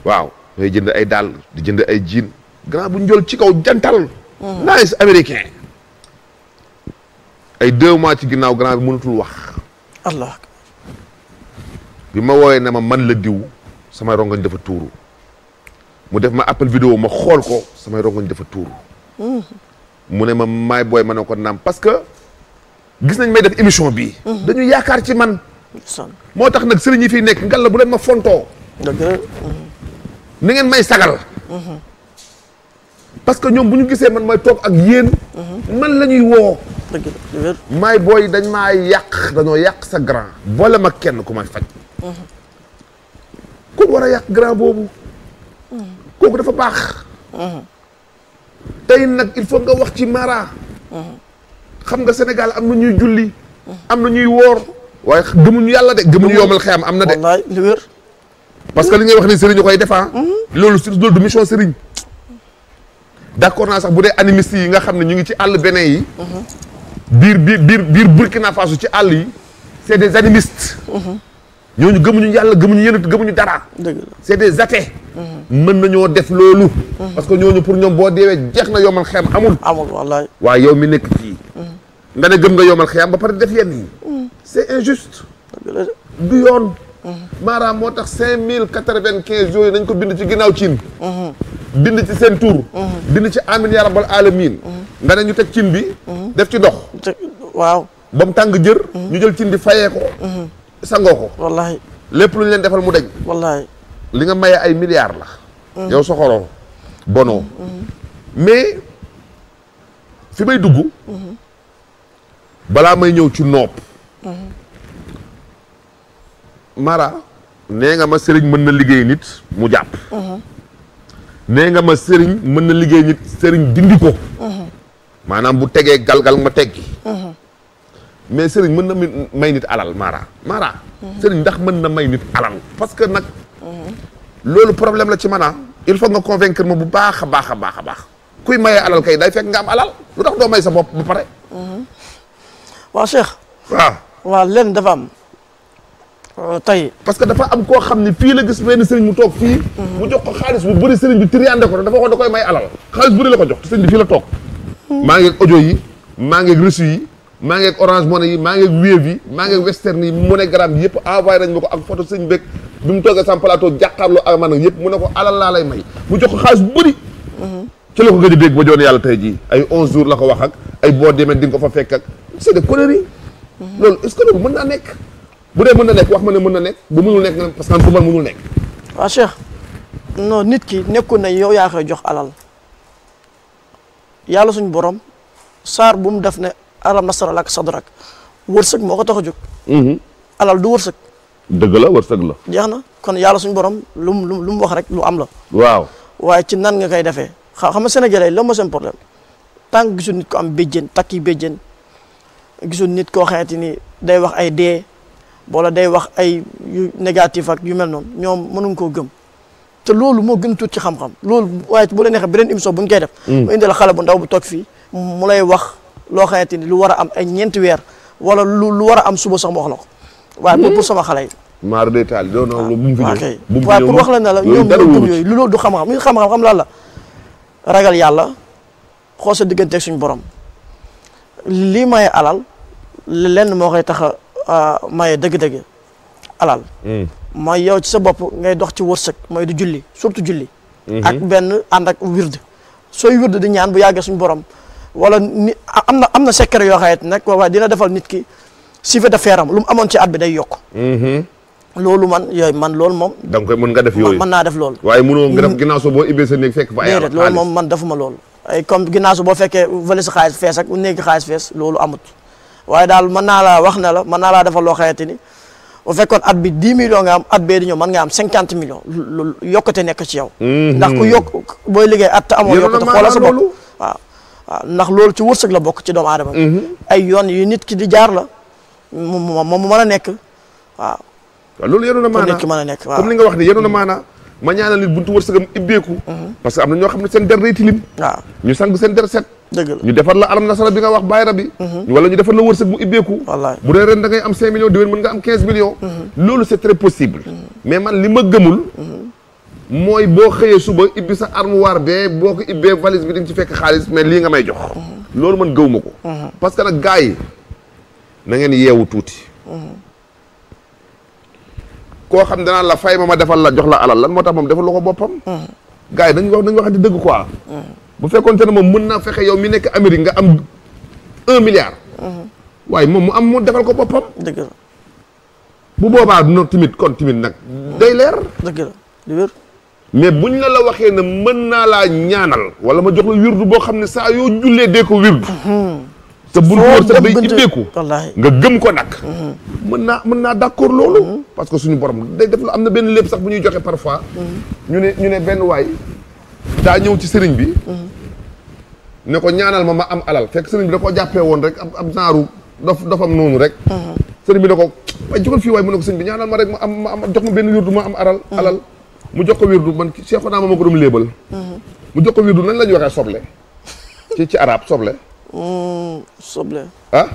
waaw ngay jënd ay dàll di jënd ay jiin grand bu njool ci kaw jantal. nice américain. ay deux mois ci ginnaaw grand bi mënatul wax. allah. bi ma woowee ne ma man la diw samay rongoñ dafa tuuru mu def ma appel vidéo ma xool ko samay rongoñ dafa tuuru. Mm-hmm. mu ne ma maay booy ma ne ko naam parce que gis nañ may def émission bi mm-hmm. dañu yaakaar ci man. moo tax nag sëriñ yi fiy nekk ngal la bu leen ma fontoo. dëgg mm-hmm. ni ngeen may sagal. parce que ñoom bu ñu gisee man may toog ak yéen. man la ñuy woo. may booy dañ maa yàq dañoo yàq sa grand boole ma kenn ku may faj mm-hmm. ku war a yàq grand boobu mm-hmm. kooku dafa baax mm-hmm. tey nag il faut nga wax ci mara xam nga Sénégal am na ñuy julli am na ñuy woor waaye gëmuñu yàlla de gëmuñu yoomal xeyam am na de wallaay parce que li ngay wax ni sëriñ koy defaa ah. loolu su loolu du mission sëriñ d'accord naa sax bu dee animiste yi nga xam ne ñu ngi ci àll beneen yi biir biir biir biir Burkina Faso ci àll yi c'est des animistes. ñooñu gëmuñu yàlla gëmuñu yëngatu gëmuñu dara. c'est des athées. Mhm. mën nañoo def loolu. Mhm. parce que ñooñu pour ñoom boo deewee jeex na yomal xeem amul. amul wallaay waaye yow mi nekk fii. Mhm. nga ne gëm nga yomal xeem ba pare def yenn yi. c'est injuste. du yoon. maanaam moo tax cinq mille quatre-vingt-quinze yooyu nañ ko bind ci ginnaaw cin bind ci seen tur bind ci amin ya rabbal alamin nga ne ñu teg cin bi def ci ndox waaw ba mu tàng jër ñu jël cin bi fayee ko sangoo ko wallahi lépp lu ñu leen defal mu deñ wallahi li nga maye ay milliards la yow soxoroo bonoo mais fi may dugg balaa may ñëw ci nopp Mara nee nga ma sëriñ mën na liggéey nit mu jàpp. nee nga ma sëriñ mën na liggéey nit sëriñ dindi ko. maanaam bu tegee galgal ma teggi. mais sëriñ mën na may nit alal Mara Mara. sëriñ ndax mën na may nit alal parce que nag. loolu problème la ci man ah. il faut nga convaincre ma bu baax a baax a baax a baax. kuy mayee alal kay day fekk nga am alal lu tax doo may sa bopp ba pare. waaw Cheikh. waaw waaw lenn dafa tey parce que dafa am koo xam ni fii la gis benn sëriñ mu toog fii mu jox ko xaalis bu bëri sëriñ bi triande ko dafa ko koy may alal xaalis bëri la ko jox te sëriñ bi maa ngi maa ngi ak reçu yi maa ngi ak maa ngi ak wave yi maa ngi ak western mu toogee sama plateau jàkkaarloo ak man yëpp mu ne ko alal laa lay may mu jox ko xaalis bu bëri ci la ko gëj a dégg joon yàlla tey jii ay onze jours la ko wax ak ay boo demee di ko fa fekk ak c'est des loolu est que loolu mën naa nekk bu dee mën na nekk wax ma ne mën na nekk bu mënul nekk nga parce que pour man mënul nekk. waaw Cheikh non nit ki nekkul na yow yaa koy jox alal yàlla suñu borom saar bu mu def ne alam nasara lak sadrak wërsëg moo ko tax a jóg. Mhm. alal du wërsëg. dëgg la wërsëg la. jeex na kon yàlla suñu borom lum mu lu mu wax rek lu am la. waaw waaye ci nan nga koy defee xaw xam nga la moo seen problème tant gisul nit ko am béjjén takki béjjén gisul nit koo xamante ni day wax ay dee. wala day wax ay yu ak yu mel noonu ñoom mënuñ koo gëm te loolu moo gën tuuti ci xam-xam loolu waaye bu la neexee beneen émission bu ñu koy def. Mm. mu indi xale bu ndaw bu toog fii mu lay wax loo xamante ni lu war a am ay ñeenti weer wala lu lu war a am suba sax ma la ko waaye mm. pour xale yi. maar de taal doon na bu ah, wax la ne la ñoom ñoom yooyu loolu du xam-xam ñu xam-xam xam lan la ragal yàlla xool sa digganteeg suñu borom lii may alal lenn moo koy tax maye dëgg-dëgg alal. Mm. mooy yow ci sa bopp ngay dox ci wërsëg mooy du julli surtout julli. Mm-hmm. ak benn ànd ak wird. sooy wird di ñaan bu yàggee suñ borom wala ni am na am na secret yoo xayet nag waaye dina defal nit ki chiffre a am lu mu amoon ci at bi day yokk. Mm-hmm. loolu man yooyu man loolu moom. da nga koy mën nga def yooyu waaye mënoo nga mm-hmm. soo boo ubbee sa néeg xaalis moom man defuma loolu. ay comme boo fekkee valise xaalis fees ak néegi xaalis fees loolu amut. waaye daal mën naa laa wax na la mën naa laa defal loo xamante ni bu fekkoon at bi 10 millions nga am at bee di ñëw mën nga am 50 millions yokkute nekk ci yow. Mhm. ndax ku yokk booy liggéey at. te amoo yokkute xoolal sa bopp waaw waaw ndax loolu ci wërsëg la bokk ci doomu aadama mhm. ay yoon yu nit ki di jaar la mu mu mën a nekk waaw. waaw loolu yënoon na maanaa nit ki mën a nekk waaw li nga wax ni yënoon na maanaa ma ñaanal nit buntu wërsëgam ibbeeku mhm. parce que am na ñoo xam ne seen der day tilim waaw ñu sang seen der set dëgg la ñu defar la alam nasara bi nga wax bàyyi rabi mhm. wala ñu defar la wërsëg mu ibbeeku bu dee ren da am cinq millions déwén mën nga am quinze millions mhm. loolu c'est très possible mais man li ma gëmul mooy boo xëyee suba ibbi sa armoire bee boo ko ibbee valise bi di nga ci fekk xaalis mais lii nga may jox loolu man gëw ma ko parce que nag gars yi na ngeen yeewu tuuti koo xam danaa la fay ma ma defal la jox la alal lan moo tax moom defal la ko boppam gars yi nañ wax nañ waxante dëgg quoi bu fekkoonte ne moom mën naa fexe yow mi nekk Amérique nga am un milliard waaye moom mu am mu defal ko boppam dëgg bu boobaa no timit kon timit nag day leer mais la ñu la la waxee ne mën naa laa ñaanal wala ma jox la wirdu boo xam ne saa yoo jullee dee ko wirdu mhm. sa bul góor sa day ibbeeku nga gëm ko nag mm-hmm. mën naa mën naa d'accord loolu mm-hmm. parce que suñu borom day def lu am na benn lépp sax bu ñuy joxe parfois mm-hmm. ñu ne ñu ne benn waay daa ñëw ci sëriñ bi ne ko ñaanal ma ma am alal fekk sëriñ bi da koo jàppee woon rek ab naaru genre dof dofam noonu rek sëriñ bi ne ko waaye jógal fii waay mu ne ko sëriñ bi ñaanal ma rek ma am am jox ma benn wirdu ma am alal alal mu jox ko wirdu man Cheikh naa ma ma ko doon léebal mu jox ko wirdu nañ la ñuy waxee soble ci ci arab soble soble. ah.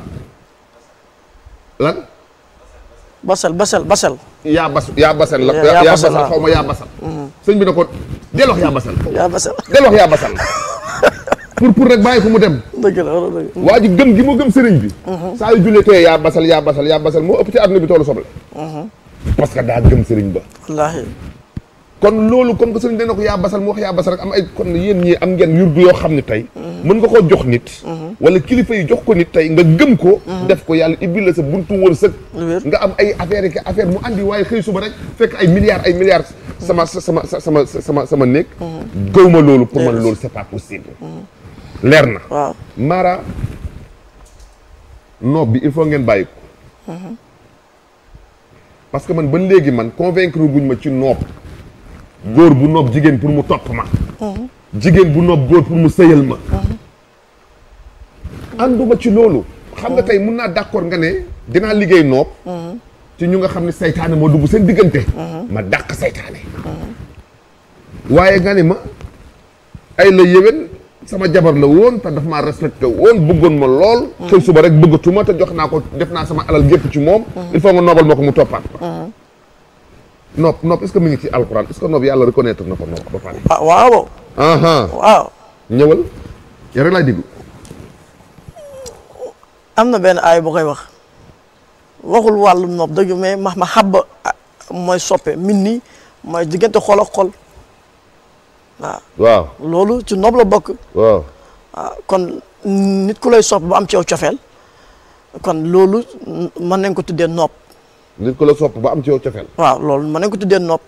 lan. basal basal basal. yaa basal la. yaa basal xaw ma na ko del wax yaa basal. yaa basal rek bàyyi mu dem. dëgg la war dëgg gëm gi moo gëm sëriñ bi. Mhm. saa yu jullee tee yaa basal basal yaa basal moo ëpp ci bi toolu soble. Mhm. parce daa gëm sëriñ ba. wallaahi. kon loolu comme que sëriñ dana ko yaa basal mu wax yaa basal rek am ay kon yéen ñii am ngeen yurdu yoo xam ne tey mën nga koo jox nit wala kilifa yi jox ko nit tey nga gëm ko def ko yàlla ibbi la sa buntu wërsëg nga am ay affaire yi affaire mu andi waaye xëy suba rek fekk ay milliards ay milliards sama sama sama sama sama nekk gaw ma loolu pour man loolu c'est pas possible leer na waaw Mara noob bi il faut ngeen bàyyi ko mhm. parce que man ba léegi man convaincre guñ ma ci noob góor bu nopp jigéen pour mu topp ma jigéen bu nopp góor pour mu sëyal ma ànduma ci loolu xam nga tey mun naa d'accord nga ne dinaa liggéey nopp ci ñu nga xam ne saytaane moo dugg seen diggante ma dàq saytaane waaye nga ne ma ay la yéwén sama jabar la woon te daf maa respecté woon bëggoon ma lool xëy suba rek bëggatuma te jox naa ko def naa sama alal gépp ci moom il faut nga noobal ma ko mu toppaat nopp nopp est-ce que mu ngi ci alxuraan est-ce que nopp yàlla reconnaître na ko nopp ba pare. ah waaw. ñëwal yow rek laay diggu am na benn aay bu koy wax waxul wàllu nopp dëgg mais ma ma xàbba ah, mooy soppe min nii mooy diggante xol ak xol waaw. waaw loolu ci nopp la bokk. Ah, kon nit ku lay sopp bu am ci yow cofeel kon loolu mën nañ ko tuddee nopp. nit ku la sopp ba am ci yow cofeel waaw loolu ma nañ ko tuddee nopp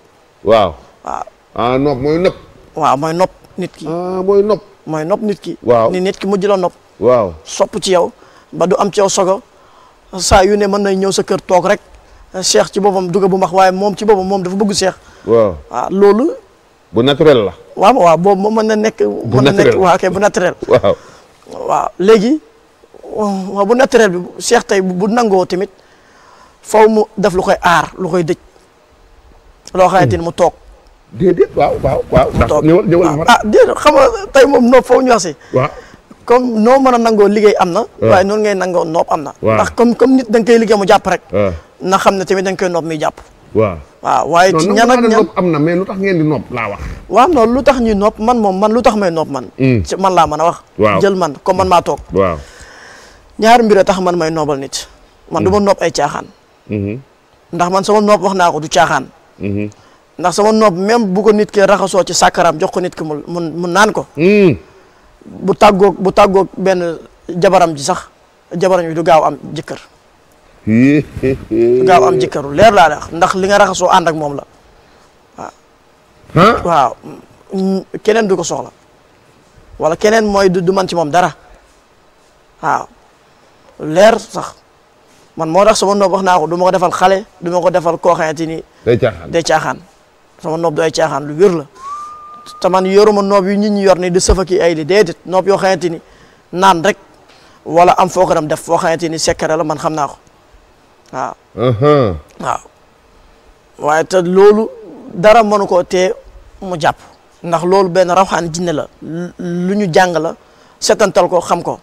waaw ah, waaw mooy nopp nit ki ah mooy nopp nit ki waaw ni nit ki mujj la nopp waaw sopp ci yow ba du am ci yow sogo saa yu ne mën nañ ñëw sa kër toog rek cheikh ci boppam duga bu max waaye moom ci boppam moom dafa bëgg cheikh ah, loolu bu naturel la waaw moom mën na nekk mën na nekk waaw kay bu naturel waaw léegi waaw bu naturel bi cheikh tey bu nangoo tamit faw mu def lu koy aar lu koy dëj. loo xamante ni mu toog. déedéet waaw waaw waaw. mu toog ñëwal ñëwal ah déedéet xam nga tey moom nopp faw ñu wax si. waaw man a nangoo liggéey am na. waaye noonu ngay nangoo nopp am na. ndax comme comme nit da nga koy liggéey mu jàpp rek. na xam ne tamit da nga koy nopp muy jàpp. waa waaw waaye ci ñan ak ñan am na mais lu tax ngeen di nopp laa wax. lu tax ñuy nopp man moom man lu tax may nopp man. Mm. man laa mën a wax. waaw jël man comme man maa toog. waaw ñaar mbir a tax man may noobal nit. man du ma mm. nopp ay caaxaan Mhm. ndax man sama nopp wax naa ko du caaxaan. Mhm. ndax sama nopp même bu ko nit ke raxasoo ci sàkkaraam jox ko nit ki mu mu naan ko. Mhm. bu tàggoog bu tàggoog benn jabaram ji sax jabaram bi du gaaw am jëkkër. du jëkkëru leer laa wax ndax li nga raxasoo ànd ak moom la waaw. waaw keneen du ko soxla. wala keneen mooy du man ci moom dara waaw leer sax. man moo tax sama noob wax naa ko du ko defal xale du ko defal koo xamante ni. day caaxaan day caaxaan sama noob day caaxaan lu wér la taman man ma noob yu nit ñi yor ni di sëfaki ay li déedéet noob yoo xamante ni naan rek wala am foo ko dem def foo xamante ni secret la man xam naa ko uh-huh. waaw. waaye te loolu dara mënu koo tee mu jàpp. ndax loolu benn rawxaan jinne la. lu ñu jàng la setantal ko xam ko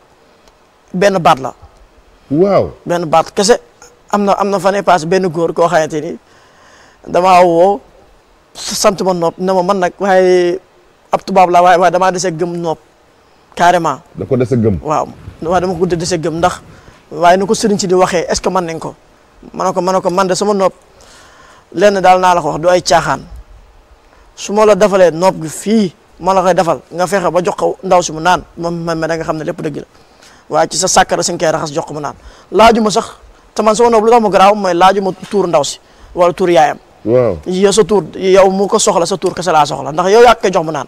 benn baat la. waaw benn baat kese am na am na fan pass benn góor koo xamante ni damaa woo sant ma nopp na ma man nag waaye ab tubaab la waaye waaye damaa dese gëm nopp carrément. da ko dese gëm. waaw waaye dama ko dese gëm ndax waaye nu ko sëriñ si di waxee est-ce que man nañ ko ma ne ko ma ne ko man de sama nop lenn daal naa la ko wax caaxaan su ma la defalee nop gi fii ma la koy defal nga fexe ba jox ko ndaw si mu naan moom man ma da nga xam ne lépp dëgg waaye ci sa sàkkara si nga koy raxas jox ko mu naan laaju ma sax te man sama noob lu tax mu garaaw mooy laaju ma tuur ndaw si wala tuur yaayam waaw sa tuur yow mu ko soxla sa tuur kese laa soxla ndax yow yaa jox mu naan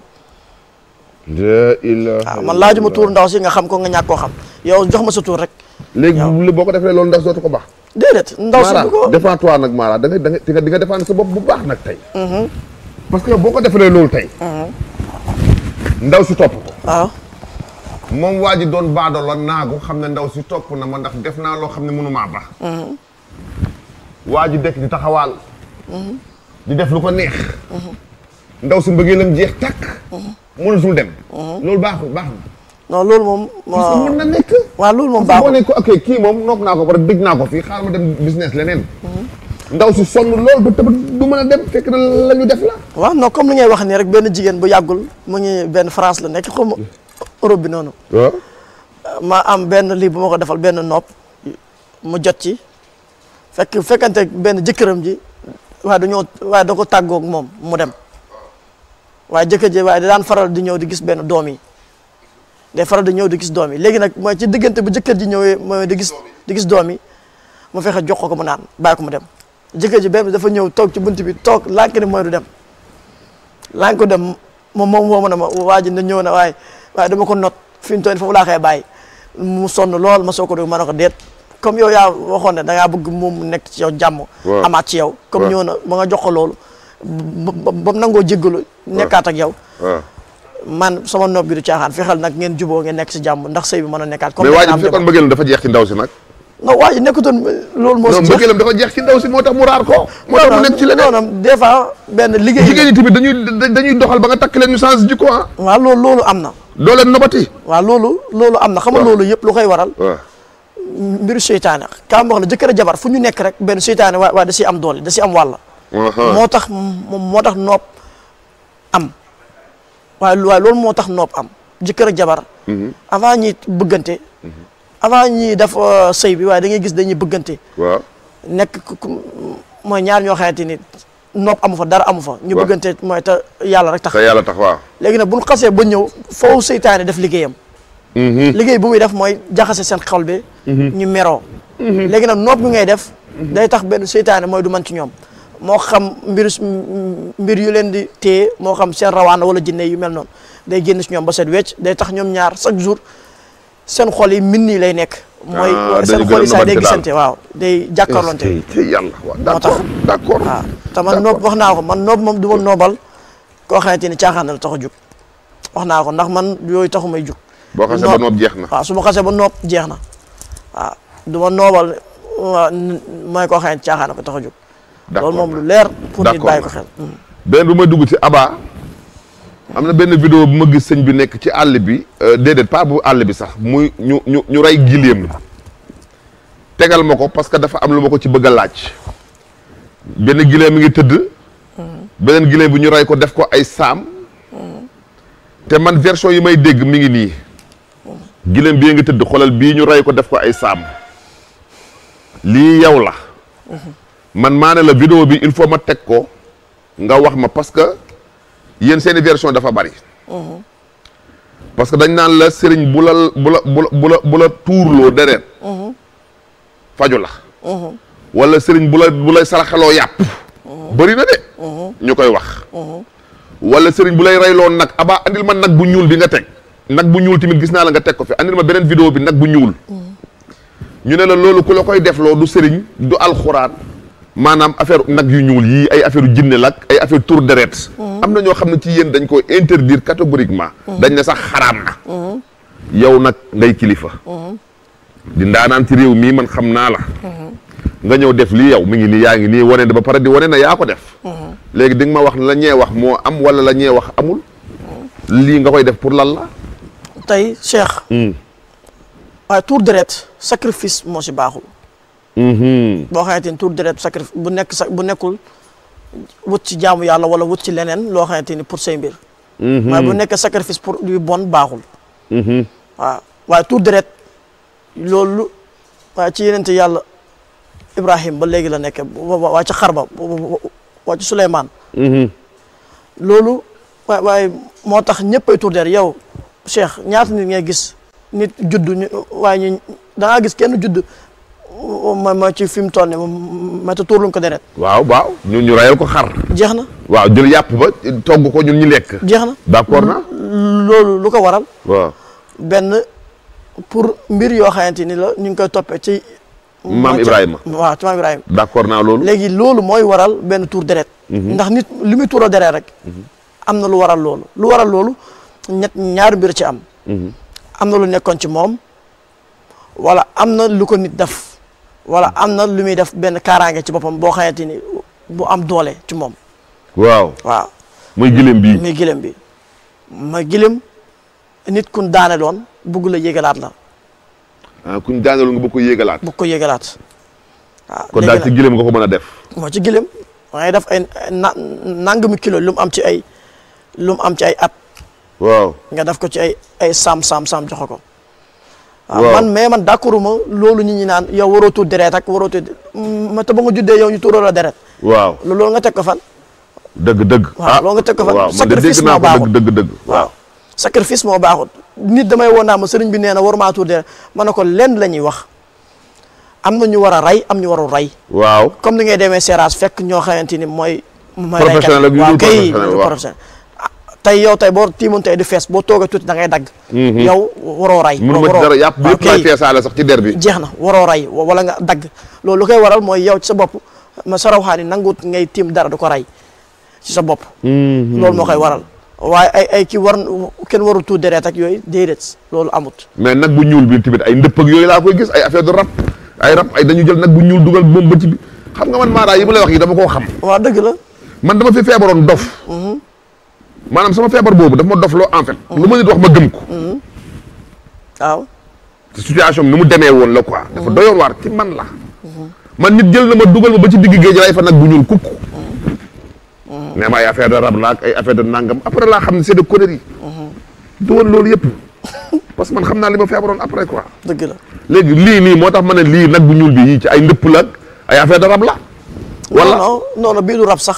la ilaha waaw ah, ma tuur ndaw si nga xam ko nga ñàkk koo xam yow jox ma sa tuur rek léegi boo ko defee loolu ndaw si ko baax déedéet ndaw si bu ko défend toi nag Mara da nga da nga di nga bopp bu baax nag tey mm-hmm. parce que boo ko defee loolu tey mm-hmm. ndaw si topp ko moom waaji ji doon baadoola naagu xam ne ndaw si topp na ma ndax def naa loo xam ne mënu maa baax. waa ji dekk di taxawaal. di def lu ko neex. ndaw si mbëggeelam jeex takk. mënatul dem. loolu baaxul baax na. non loolu moom. mën na nekk. waaw loolu moom baaxul parce que kii moom noog naa ko war a naa ko fii xaaral ma dem business leneen. ndaw si sol lool du tëb du mën a dem fekk na la ñu def la. waaw comme li ngay wax nii rek benn jigéen bu yàggul mu ngi benn France la nekk xaw Europe bi noonu. waaw ma am benn lii bu ma ko defal benn nopp mu jot ci fekk fekkante benn jëkkëram ji waaye dañoo waaye da ko tàggoog moom mu dem waaye jëkkër ji waaye daan faral di ñëw di gis benn doom yi day faral di ñëw di gis doom yi léegi nag mooy ci diggante bu jëkkër ji ñëwee mooy di gis di gis yi mu fexe jox ko mu naan bàyyi ko dem jëkkër ji benn dafa ñëw toog ci bunt bi toog lànk ne mooy du dem lànk ko dem moom moom woo ma ne ji na ñëw na waaye waaye dama ko not fi mu toll foofu laa koy bàyyi mu lool ma soo ko dugg ma ko déet comme yow waxoon ne da bëgg moom nekk ci yow jàmm amaat ci yow comme ñëw ma nga jox ko loolu ba mu nangoo nekkaat ak yow man sama nopp gi du caaxaan fexeel nag ngeen juboo ngeen nekk si jàmm ndax sëy bi mën a nekkaat comme mais waa ji bu dafa jeex ci ndaw si si moo tax mu raar ko moo benn liggéey jigéen ñi tamit dañuy doxal ba nga takk leen ñu change jikko ah waaw loolu loolu am na doo leen nobati. waaw loolu loolu am na xam nga loolu yëpp lu koy waral. mbiru seytaane ka la jëkkër a jabar fu ñu nekk rek benn seytaane waa waa da am doole dasi am walla moo tax moo tax nopp am waaye waaye loolu moo tax nopp am jëkkër ak jabar. Mhm. avant ñi bëggante. Mhm. avant ñi def euh, sëy bi waaye da ngay gis dañuy bëggante. nekk mooy ñaar ñoo xamante ni. nopp amu fa dara amu fa ñu bëggante mooy ta yàlla rek tax te yàlla tax waaw léegi nag buñ xasee ba ñëw foofu seytaane def liggéeyam mm-hmm. liggéey bu muy def mooy jaxase seen xol bi mm-hmm. ñu meroo mm-hmm. léegi nag nopp ñu ngay def day tax benn seytaane mooy du man ci ñoom moo xam mbir mbir yu leen di téye moo xam seen rawaana wala jinne yu mel noonu day génn si ñoom ba set wecc day tax ñoom ñaar chaque jour seen xol yi min nii lay nekk. Ah, mooy seen xol yi saa day gisante waaw day jàkkaarlonte. yàlla waaw d' accord d' accord moo ah, te man noob wax naa ko man noob moom du ma noobal ko koo xamante ni caaxaan la tax a jug wax naa ko ndax man yooyu taxu may jug. boo xasee ba noob jeex na waaw su ma xasee ba noob jeex na waaw ah, du ma noobal mooy koo xamante caaxaan ko tax a jug. d' accord loolu moom lu leer pour nit bàyyi ko xel. Hmm. beneen bi ma dugg ci Aba. am na benn vidéo bu ma gis sëñ bi nekk ci àll bi euh, déedéet pas bu àll bi sax muy ñu ñu ñu rey giléem tegal ma ko parce que dafa am lu ma ko ci bëgg a laaj benn giléem mi ngi tëdd beneen giléem bi ñu rey ko def ko ay saam te man version yi may dégg mi ngi nii giléem bii ngi tëdd xoolal bii ñu rey ko def ko ay saam lii yow la uhuh. man maa ne la vidéo bi il faut ma teg ko nga wax ma parce yéen seen i version dafa bari. parce que dañ naan la sëriñ bu la bu la bu la bu la tuurloo deret. faju la. wala sëriñ bu la bu la saraxaloo yàpp. bëri na de. ñu koy wax. wala sëriñ bu lay reyloo nag abaa andil ma nag bu ñuul bi nga teg. nag bu ñuul tamit gis naa la nga teg ko fi andil ma beneen vidéo bi nag bu ñuul. ñu ne la loolu ku la koy defloo du sëriñ du alxuraan. maanaam affaire nag yu ñuul yii ay affaire yu jinne lak ay affaire tur deret. am na ñoo xam ne ci yéen dañ ko interdire catégoriquement. dañ ne sax xaraam na. yow nag ngay kilifa. di ndaanaan ci réew mii man xam naa la. nga ñëw def lii yow mi ngi nii yaa ngi nii wane na ba pare di wane na yaa ko def. léegi di ma wax la ñee wax moo am wala la ñee wax amul. lii nga koy def pour lan la. tey Cheikh. Hmm. waaye tour deret sacrifice moo si baaxul. Hmm, hmm. boo xamante ni tour deret sacrifice bu nekk sa bu nekkul. wut ci jaamu yàlla wala wut ci leneen loo xamante ni pour say mbir. Mhm. waaye bu nekk sacrifice pour luy bon baaxul. Mhm. waaw waaye tout deret loolu waaye ci yeneen yàlla Ibrahim ba léegi la nekk waa ci xarba waa ci Souleymane. Mhm. loolu waay waaye moo tax ñëppay tur der yow Cheikh ñaata nit ngay gis nit judd waaye ñu gis kenn judd Oh, ma ma ci fi mu toll ne ma te tuurluñ ko deret waaw waaw ñun ñu rayal ko xar jeex na waaw jël yàpp ba togg ko ñun ñu lekk jeex na d'accord na loolu lu ko waral waaw benn pour mbir yoo xamante ni la ñu ngi koy toppee ci maam Ibrahima waaw ci maam Ibrahima d'accord na loolu léegi loolu mooy waral benn tuur mhm. ndax nit li muy tuura deret rek mhm. am na lu waral loolu lu waral loolu ñett ñaari mbir ci am mhm. am na lu nekkoon ci moom wala am na lu ko nit def wala am na lu def benn kaaraange ci boppam boo xamante ni bu am doole ci moom. waaw waaw. muy gilem bi muy gilem bi. ma gilem nit kun daane loon bugg la yégalaat la. Ah, kuñ daane loon nga bëgg ko yégalaat. bëgg ko yégalaat. waaw ah, kon daal ci gilem nga ko mën a def. moo ci gilem ma ngay def ay na nangami kilo lu mu am ci ay lu mu am ci ay at. nga def ko ci ay ay saam saam saam joxe ko. Ah, waaw man mais man d'accord ma loolu nit ñi naan yow waroo tuur deret ak waroo tuur ma te ba nga juddee yow ñu tuuroo la deret waaw loolu nga teg ko fan dëgg dëgg waaw ah. nga teg ko fan sacrifice moo baaxut dëgg dëgg waaw sacrifice moo baaxut nit damay woon naa ma sëriñ bi nee na war maa tuur deret ma ne ko lenn la ñuy wax am na ñu war a rey am ñu warul rey waaw comme ni ngay demee serage fekk ñoo xamante ni mooy mooy a waaw kay professionnel tey yow tey boo tiimoon tey di fees boo toogee tuuti da ngay dagg mhm. yow waroo ray dara yàpp bi yëpp lay bi jeex na waroo ray wala nga dagg loolu lu koy waral mooy yow ci sa bopp ma sa rawxaan yi nangut ngay tiim dara du ko ray sa bopp mhm. loolu moo koy waral waaye ay ay kii war kenn warul tuut deret ak yooyu déedéet loolu amut mais nag bu ñuul bi tamit ay ndëpp yooyu laa koy gis ay affaire de rab jël nag bu ñuul dugal moom ba ci xam nga man maaraay yi ma lay wax yi dama koo xam waaw dëgg la man dama fi feebaroon dof mhm. maanaam sama feebar boobu daf ma dofloo en fait. Mm. lu ma nit wax ma gëm ko. Mm. waaw. situation bi mu demee woon la quoi. dafa mm. doyoon waar ci man la. man nit jël na ma dugal ma ba ci digg géej ray fa nag bu ñuul kukk. nee ma ay affaire de rab la ay affaire de nangam après laa xam ne c'est des conneries. Mm-hmm. du woon loolu yëpp. parce que man xam naa li ma feebaroon après quoi. dëgg léegi lii nii moo tax ma ne lii nag bu ñuul bi yii ci ay ndëpp la ak ay affaire de rab la. wala non non bii du rab sax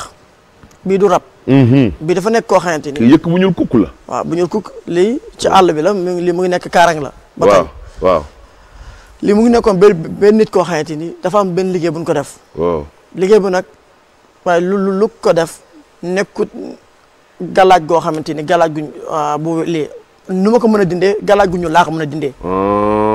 bii du rab. Mhm. bi dafa nekk koo xamante ni. yëkk bu ñuul kukk la. waaw bu ñuul kukk lii ci àll bi la mu ngi lii mu ngi nekk kaarang la. ba tey lii mu ngi nekkoon benn nit koo xamante ni dafa am benn liggéey bu ko def. waaw liggéey bu nag lu lu lu ko def nekkut galaaj goo xamante ni galaaj guñ ah, bu lii nu ma ko mën a dindee galaaj laa mën a dindee. Ah.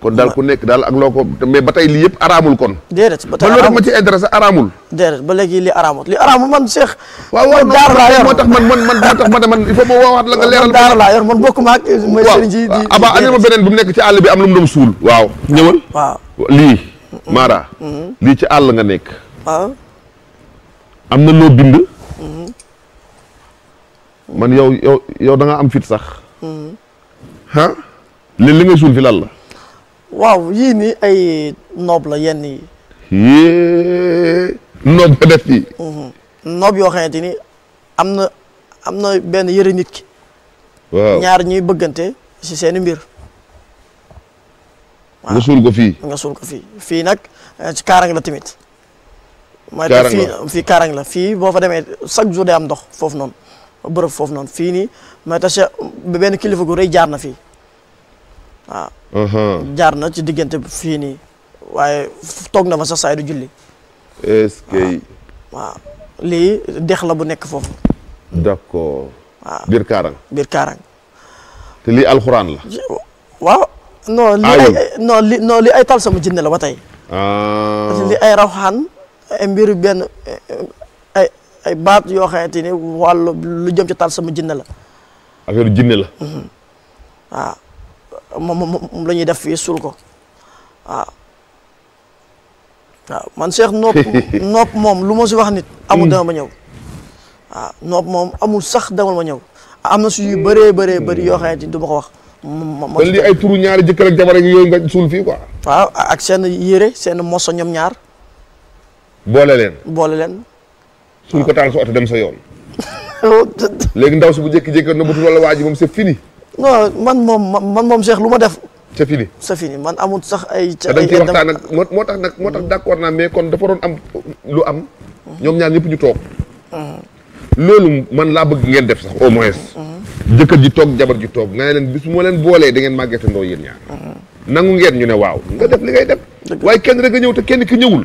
kon daal ku nekk daal ak loo ko mais ba tey lii yëpp araamul kon. déedéet ba tey araamul man loolu ma ci intéressé araamul. déedéet ba léegi li araamul li araamul man Cheikh. waaw waaw daara laa yor moo tax man man man moo tax man man il faut ma woowaat la nga leeral. man daara laa yor man bokk ma ak. mooy sëriñ ji di di aba andi ma beneen bu mu nekk ci àll bi am lu mu doon suul. waaw ñëwal. waaw lii. Mara. lii ci àll nga nekk. waaw. am na loo bind. man yow yow yow da nga am fit sax. ah li li nga suul fi lan la. waaw yii nii ay noob la yenn yi. noob nga def fii. Mhm. noob yoo xamante ni am na am na benn yëre nit ñaar ñuy bëggante si seen i mbir. nga suul ko fii nga suul ko fii fii nag eh, ci kaarang la tamit. mooy fii kaarang la fii boo fa demee chaque jour day am ndox foof noonu bërëb foofu noonu fii nii mooy tax benn kilifa gu rëy jaar na fii. Uh-huh. jaar na ci diggante fii nii waaye toog na fa sax saay du julli. lii dex la bu nekk foofu. d'accord. waaw biir Kaarang. te lii alxuraan la. waaw. non ay non li non jinne la ba tey. Ah. li ay rawxaan ay mbiru ay baat yoo xamante ni wàllu lu jëm ci tal sama jinne la. affaire jinne la. Mhm. moom la ñuy def fii suul ko waaw man Cheikh nopp nopp moom lu ma si wax nit amul hmm. demal ma ñëw waaw nopp moom amul sax demal ma ñëw am na suñuy bëree bëree bëri yoo xamante ni du ma ko wax kon lii ay turu ñaari jëkkër ak jabar ak yooyu nga suul fii quoi ak seen yére seen moso ñoom ñaar boole leen boole leen suul ko taal sa oto dem sa yoon léegi ndaw si bu jékki-jékki na butul wala waa moom c'est fini non man moom man moom seex lu ma def. c'est fini c'est man amul sax ay. ca ay waxtaan ak moo tax nag moo tax d'accord naa mais kon dafa doon am lu am. ñoom ñaar ñëpp ñu toog. loolu man laa bëgg ngeen def sax au moins. jëkkër ji toog jabar ji toog nga ne leen bis moo leen boolee dangeen ngeen màggete ndoo yéen ñaar. nangu ngeen ñu ne waaw nga def li ngay def. waaye kenn rek nga ñëw te kenn ki ñëwul.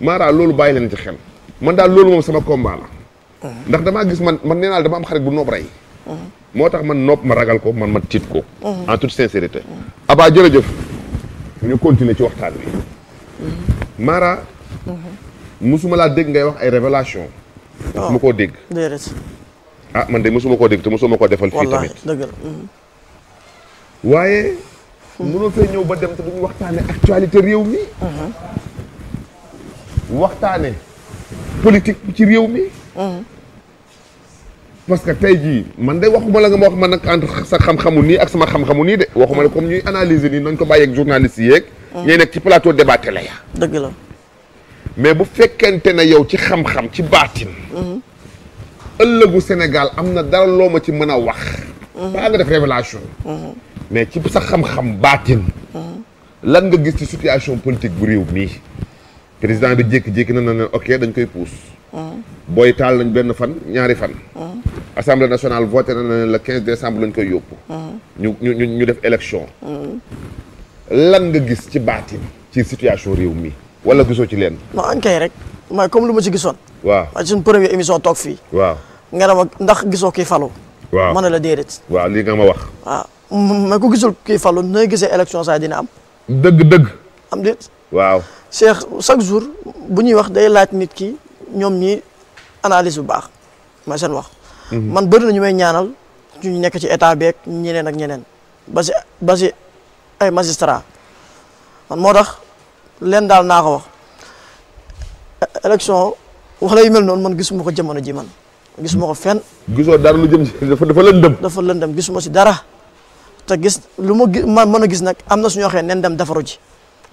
maara loolu bàyyi leen ci xel. man daal loolu moom sama combat la. Mm-hmm. ndax damaa gis man man nee naa dama am xarit bu noob rey. moo tax man nopp ma ragal ko man ma tiit ko. Mhm. en toute sincérité. Abba jërëjëf ñu continuer ci waxtaan bi. Mhm. Mara. Mhm. musuma laa dégg ngay wax ay révélation oh, musuma koo dégg. ah man de musuma koo dégg te musuma koo defal. fii tamit dëgg la waaye. mënoo fee ñëw ba dem te duñu waxtaane actualité réew mi. waxtaane politique ci réew mi. parce que tey jii man de waxuma la nga ma wax man nag entre sa xam-xamu nii ak sama xam-xamu nii de waxuma la comme ñuy analyser nii nañ ko bàyyeeg journaliste yi yeeg. Mm. ñooy nekk ci plateau débat la ya. dëgg la. mais bu fekkente ne yow ci xam-xam ci baatin. Mm-hmm. ëllëgu Sénégal am na dara loo ma ci mën a wax. ba mm-hmm. nga def révélation mm-hmm. mais ci sa xam-xam baatin. lan nga gis ci situation politique bu réew mii. président bi jékki-jékki na ne ok dañ koy pousse. booy taal lañ benn fan ñaari fan. Mm. assemblée national voté na ne le 15 décembre lañ koy yóbbu. Mm. ñu def élection. Mm. lan nga gis ci baatin ci situation réew mi wala gisoo ci leen. non ankay rek mooy comme lu ma ci gisoon. waa émission toog fii. waaw nga ne ndax gisoo kii falu. waaw ma ne la déedéet. waaw lii nga ma wax. waaw ma ko gisul kii falu nooy gisee élection saa dina am. dëgg dëgg. am déet. waaw Cheikh chaque jour bu ñuy wax day laaj nit ki ñoom ñi analyse bu baax mooy seen wax. Mhm. man bëri na ñu may ñaanal ñu nekk ci état beeg ñeneen ak ñeneen ba si ba si ay magistrat man moo tax leen daal naa ko wax élection wax la yu mel noonu man gisuma ko jamono ji man gisuma ko fenn. gisoo dara lu jëm si dafa dafa lëndëm. si dara te gis lu ma gis man mën a gis nag am na suñoo xam ne nen dem defaru ji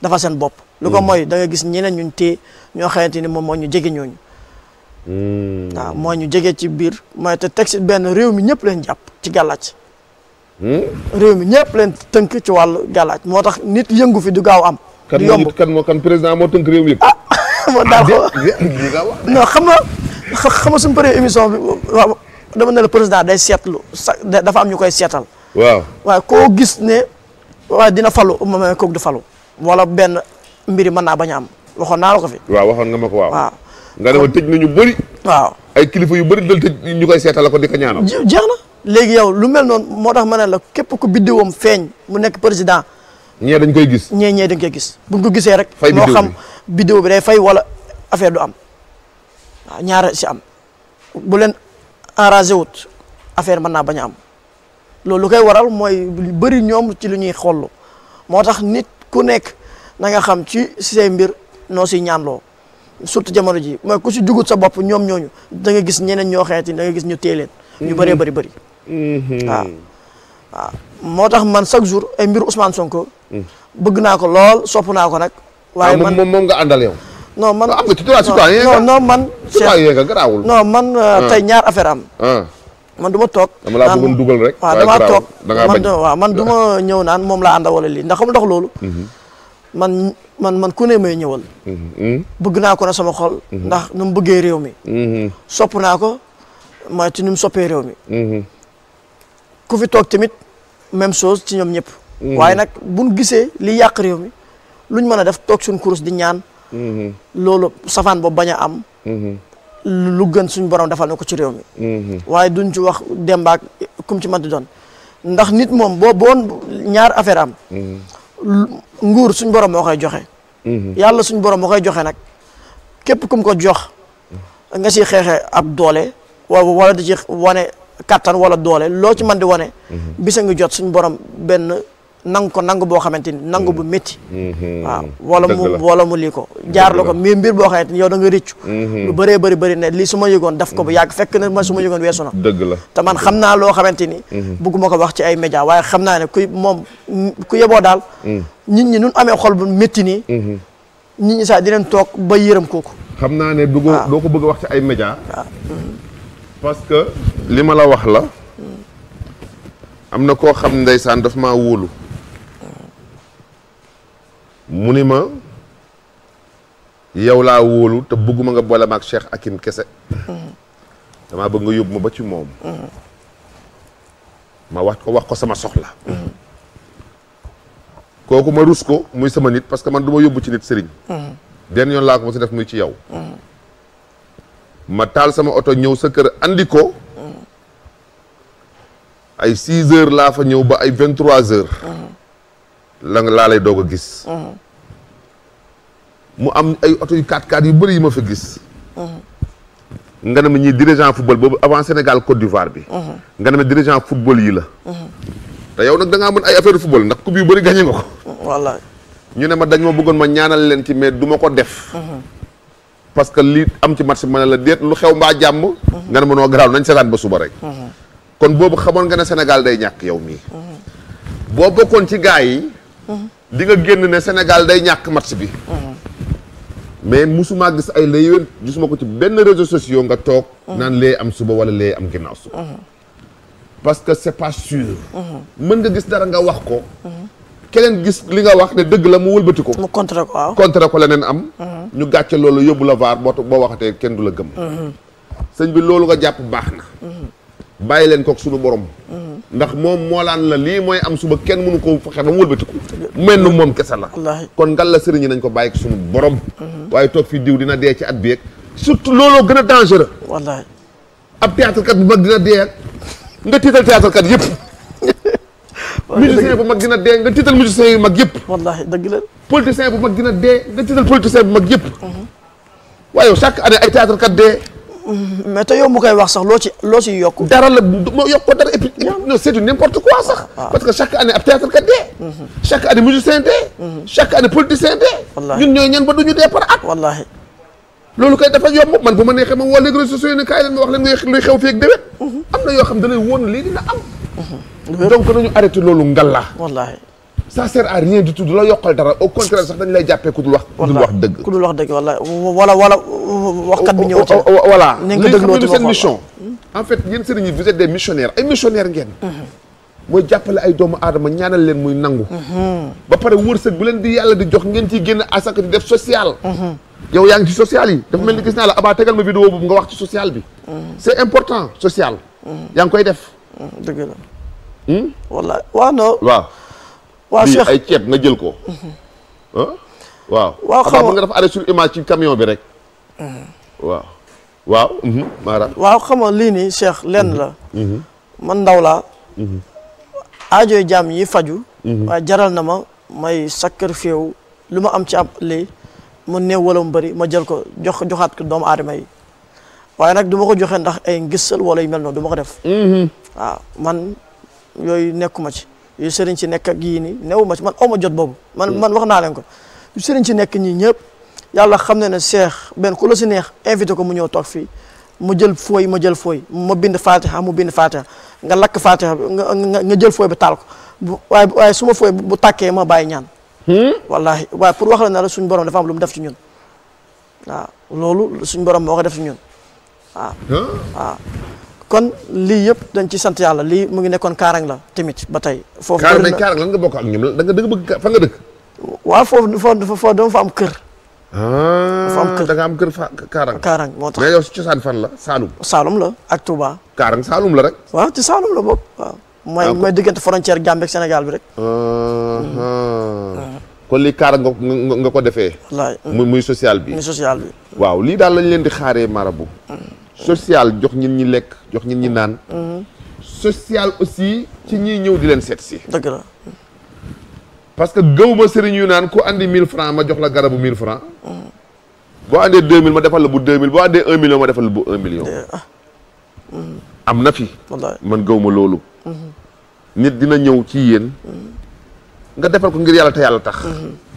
dafa seen bopp. lu ko mhm. mooy da nga gis ñeneen ñu téye ñoo xamante ni moom moo ñu jege ñooñu. Hmm. waaw moo ñu jege ci biir mooy te teg benn réew mi ñëpp leen jàpp ci gàllaaj hmm? réew mi ñëpp leen tënk ci wàllu gàllaaj moo tax nit yëngu fi du gaaw am. du yomb kan moo kan président moo tënk réew mi. ah moo daa ah, ko non xam nga xam nga suñu premier émission bi dama ne la président day seetlu dafa am ñu koy seetal. waaw waaye koo gis ne waaye dina falu ma kooku du falu. wala benn mbiri mën naa bañ a am waxoon naa ko fi. waaw waxoon nga ko waaw. nga ne ma tëj na ñu bëri. waaw ay kilifa yu bëri dal tëj ñu koy seetal ko di ko ñaanal. jeex na léegi yow lu mel noonu moo tax ma ne la képp ku biddiwoom feeñ mu nekk président. ñee dañ koy gis. ñee ñee dañ koy gis buñ ko gisee rek. fay moo xam biddiw bi day fay walla affaire du am waaw ñaara si am bu leen arrangé wut affaire mën naa bañ a am loolu lu koy waral mooy lu bëri ñoom ci lu ñuy xoll moo tax nit ku nekk na nga xam ci say mbir noo si ñaanloo. surtout jamono ji mooy ku si dugut sa bopp ñoom ñooñu da nga gis ñeneen ñoo xeeti da nga gis ñu téeleen ñu bëree bari bari mm-hmm. waaw waaw moo tax man chaque jour ay mbir Ousmane sonk mm. bëgg naa ko lool sopp naa ko nag waaye ah, man moom moom nga àndal yow non man ah, am nga titulaire man citoyen nga garaawul euh, ah. tey ñaar affaire am man du ma toog dama laa bëggoon dugal rek waaw damaa man waaw ñëw naan moom laa àndal wala lii ndax xam ndox loolu mm-hmm. man man man ku ne may ñëwal. Mm-hmm. bëgg naa ko na sama xol. Mm-hmm. ndax nu mu bëggee réew mi. Mm-hmm. sopp naa ko ma ci nu mu soppee réew mi. ku fi toog tamit même chose ci ñoom ñëpp. waaye nag buñ gisee li yàq réew mi luñ mën a def toog suñ kurus di ñaan. loolu safaan boobu bañ a am. lu gën suñ borom defal na ko ci réew mi. waaye duñ ci wax dembaak kum ci man di doon ndax nit moom boo boon ñaar affaire am. nguur suñ borom moo koy joxe. Mhm. yàlla suñ borom moo koy joxe nag képp kum ko jox nga siy xeexee ab doole wala da ci wane kattan wala doole loo ci mën di wane. Mhm. bisa nga jot suñ borom benn. nangu ko nangu boo xamante ni nangu bu mm. métti mm-hmm. waaw wala mu wala lii ko jaar la ko mais mbir boo xamante ni yow da nga rëccu mm-hmm. lu bëree bari bëri ne li su ma yegoon daf ko bu mm-hmm. yàgg fekk na ma su ma yëgoon weesu na dëgg la te man xam naa loo xamante ni bugguma ko wax ci ay média waaye xam naa ne ku moom ku yeboo daal mm. nit ñi nun amee xol bu métti nii nit ñi sax dinañ toog ba yërëm kooku xam naa ne dugg doo ko bëgg wax ci ay média parce que li ma la wax la am na koo xam ndeysaan daf maa wóolu mu ni ma yow laa wóolu te bëgguma nga boole ma ak Cheikh Akim kese damaa bëgg nga yóbbu ma ba ci moom ma wax ko wax ko sama soxla kooku ma rus ko muy sama nit parce que man du ma yóbbu ci nit sëriñ benn yoon laa ko ma si def muy ci yow ma taal sama oto ñëw sa kër andi ko ay six heures laa fa ñëw ba ay vingt trois heures la laa lay doog a gis. mu am ay oto yu 4 x yu bëri yi ma fa gis. nga ne ma ñii dirigeant football boobu avant Sénégal Côte d'Ivoire bi. nga ne ma dirigeant football yi la. te yow nag da ngaa mën ay affaire football ndax coupe yu bëri gagné nga ko. wallaay ñu ne ma dañ ma bëggoon ma ñaanal leen ci mais du ko def. parce que lii am ci match bi ma ne la déet lu xew mbaa jàmm. nga ne ma noo garaaw nañ seetaan ba suba rek. kon boobu xamoon nga ne Sénégal day ñàkk yow mii. di nga génn ne Sénégal day ñàkk match bi. mais musuma gis ay lay yéen gisuma ko ci benn réseaux sociaux nga toog. naan lee am suba wala lee am ginnaaw suba. parce que c'est pas sûr. mën nga gis dara nga wax ko. keneen gis li nga wax ne dëgg la mu wëlbati ko. mu contre ko waaw contre ko leneen am. ñu gàcce loolu yóbbu la vaar boo boo waxatee kenn du la gëm. Mhm. sëñ bi loolu nga jàpp baax na. bàyyi leen kook suñu borom ndax moom moolaan la lii mooy am suba kenn mënu ko fexe ba mu wëlbatiku mel nu moom kese la kon ngal la sëriñ yi nañ ko bàyyi suñu borom waaye toog fii diw dina dee ci at bi yeeg surtout looloo gën a dangereux wallaay ab théâtre kat bu mag dina dee nga tiital théâtre kat yëpp musicien bu mag dina dee nga tiital musicien yu mag yëpp wallaay dëgg la mag dina dee nga yëpp mhm. waaye chaque année ay théâtre kat dee mais te yow mu koy wax loo ci loo yokk. dara la moo yokk ko dara et puis non c'est du n'importe quoi sax. Ah, ah. parce que chaque année ab théâtre kat dee. Mhm. chaque année musicien dee. Mhm. chaque année politicien dee. ñun ñooy dee par at. loolu kay dafa yomb man bu ma neexee ma woo léegi réseaux sociaux yi leen ma wax leen xew fii ak déwén. Mhm. am na yoo xam ne da lay wóor ne lii dina am. donc nañu loolu ngalla. ça sert à rien du tout du la yokkal dara au contraire sax dañ lay jàppee ku dul wax. dëgg ku dul wax dëgg wala wala wala bi ñëw ci. Oh, oh, oh, voilà léegi xam mission. en fait yéen sëriñ yi vous êtes ay missionnaires ngeen. mooy jàppale ay doomu aadama ñaanal leen muy nangu. ba pare wërsëg bu leen di yàlla di jox ngeen ciy génn asaka di def social. yow yaa ngi ci social yi. dafa mel ni gis naa la abaa tegal ma vidéo boobu nga wax ci social bi. c'est important social. waaw Cheikh ay ceeb nga jël ko. Mhm. waaw. waaw xam bi rek. Mhm. waaw. Mhm, xam nga lii nii Cheikh lenn la. man ndaw laa. aajo jaam yi faju waaye jaral na ma may sacrifier wu lu ma am ci ab lii mu néew wala mu bari ma jël ko jox joxaat ko doomu aadama yi waaye nag du ma ko joxe ndax ay ngissal wala yi mel noonu du ko def. waaw man yooyu nekkuma ci. yu sëriñ si nekk ak yii nii newu ma ci man awma jot boobu man hmm. man wax naa leen ko yu sëriñ si nekk ñii ñëpp yàlla xam ne ne seex benn ku la si neex invité ko mu ñëw toog fii mu jël fooy ma jël fooy ma bind fatiha mu bind fatiha nga lakk fatiha nga nga jël fooy bi taal ko bu waaye waaye su ma fooy bu tàkkee ma bàyyi ñaan hmm? wallahi waaye pour wax la ne la suñ borom dafa am lu mu def ci ñun waaw loolu suñ borom moo ko def ci ñun waaw kon lii yëpp dañ ci sant yàlla lii mu ngi nekkoon Kaarang la tamit ba tey. foofu bëri na nga bokk ak ñoom da nga bëgg fa nga dëkk. waaw foofu foofu foofu dama fa am kër. Ah, dafa am kër da am kër fa Kaarang. Kaarang moo tax la Saalum. Saalum la ak Touba. Saalum la rek. waaw ci Saalum la bokk waaw. mooy ah, mooy diggante frontière Gambie bi rek. Ah, hmm. ko defee. muy muy social bi. social waaw lii daal lañ leen di xaaree marabu. Hmm. social jox ñin ñi lekk jox ñin ñi naan. social aussi ci ñiy ñëw di leen seet si. dëgg parce que gëwuma sëriñ yu naan ku andi 1000 francs ma jox la garabu 1000 francs boo andee 2000 ma defal la bu 2000 boo andee 1 million ma defal la bu am na fi. man gëwuma loolu. nit dina ñëw ci yéen. nga defal ko ngir yàlla te yàlla tax.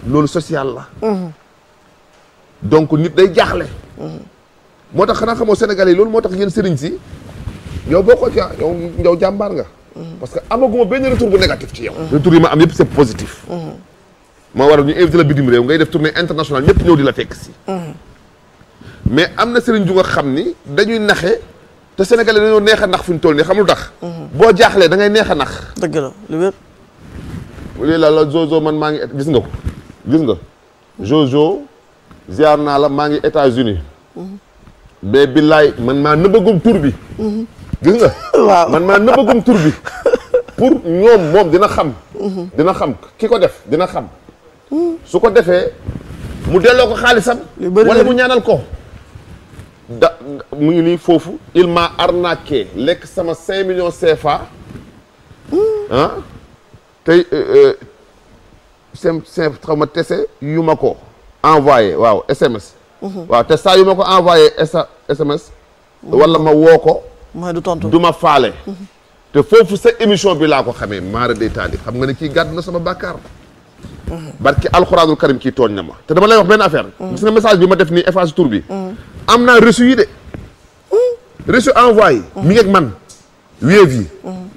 loolu social la. Mm-hmm. donc nit day jaaxle. moo tax xanaa xamoo Sénégal yi loolu moo tax yéen sëriñ si yow boo ko ca yow yow jàmbaar nga. parce que amaguma benn retour bu négatif ci yow. retour yi ma am yëpp c'est positif. Mm-hmm. moo waral ñu invité la bitim réew ngay def tournée internationale ñëpp ñëw di la fekk si. Mm-hmm. mais am na sëriñ ju nga xam ni dañuy naxe te sénégalais dañoo neex a nax fi ñu toll nii xam lu tax. Mm-hmm. boo jaaxlee dangay ngay neex a nax. dëgg la lu wér. lii la la Jojo man maa ngi gis nga ko gis nga Jojo naa la maa ngi États-Unis mais billaay man maa nëbbagum tur bi. gis waaw man maa nëbbagum tur bi pour ñoom moom dina xam. Mhm. dina xam ki ko def dina xam. su ko defee mu delloo ko xaalisam. wala mu ñaanal ko. da mu ngi nii foofu il m'a arnaqué lekk sama cinq millions CFA. Mm. ah tey seen euh, euh, seen xaw ma tese yu ma ko envoyé waaw SMS. Mhm. waaw te saa yu ma ko envoyé SMS. Mhm. wala ma woo ko. mooy du tontu du ma faale. Mhm. te foofu sa émission bi laa ko xamee maara day taali xam nga ne kii gàdd na sama bàkkaar. barki alxuraanul karim kii tooñ na ma. te dama lay wax benn affaire. gis nga message bi ma def nii efface tour bi. am naa reçu yi de. reçu envoyé. mi ngi man. Wave yi.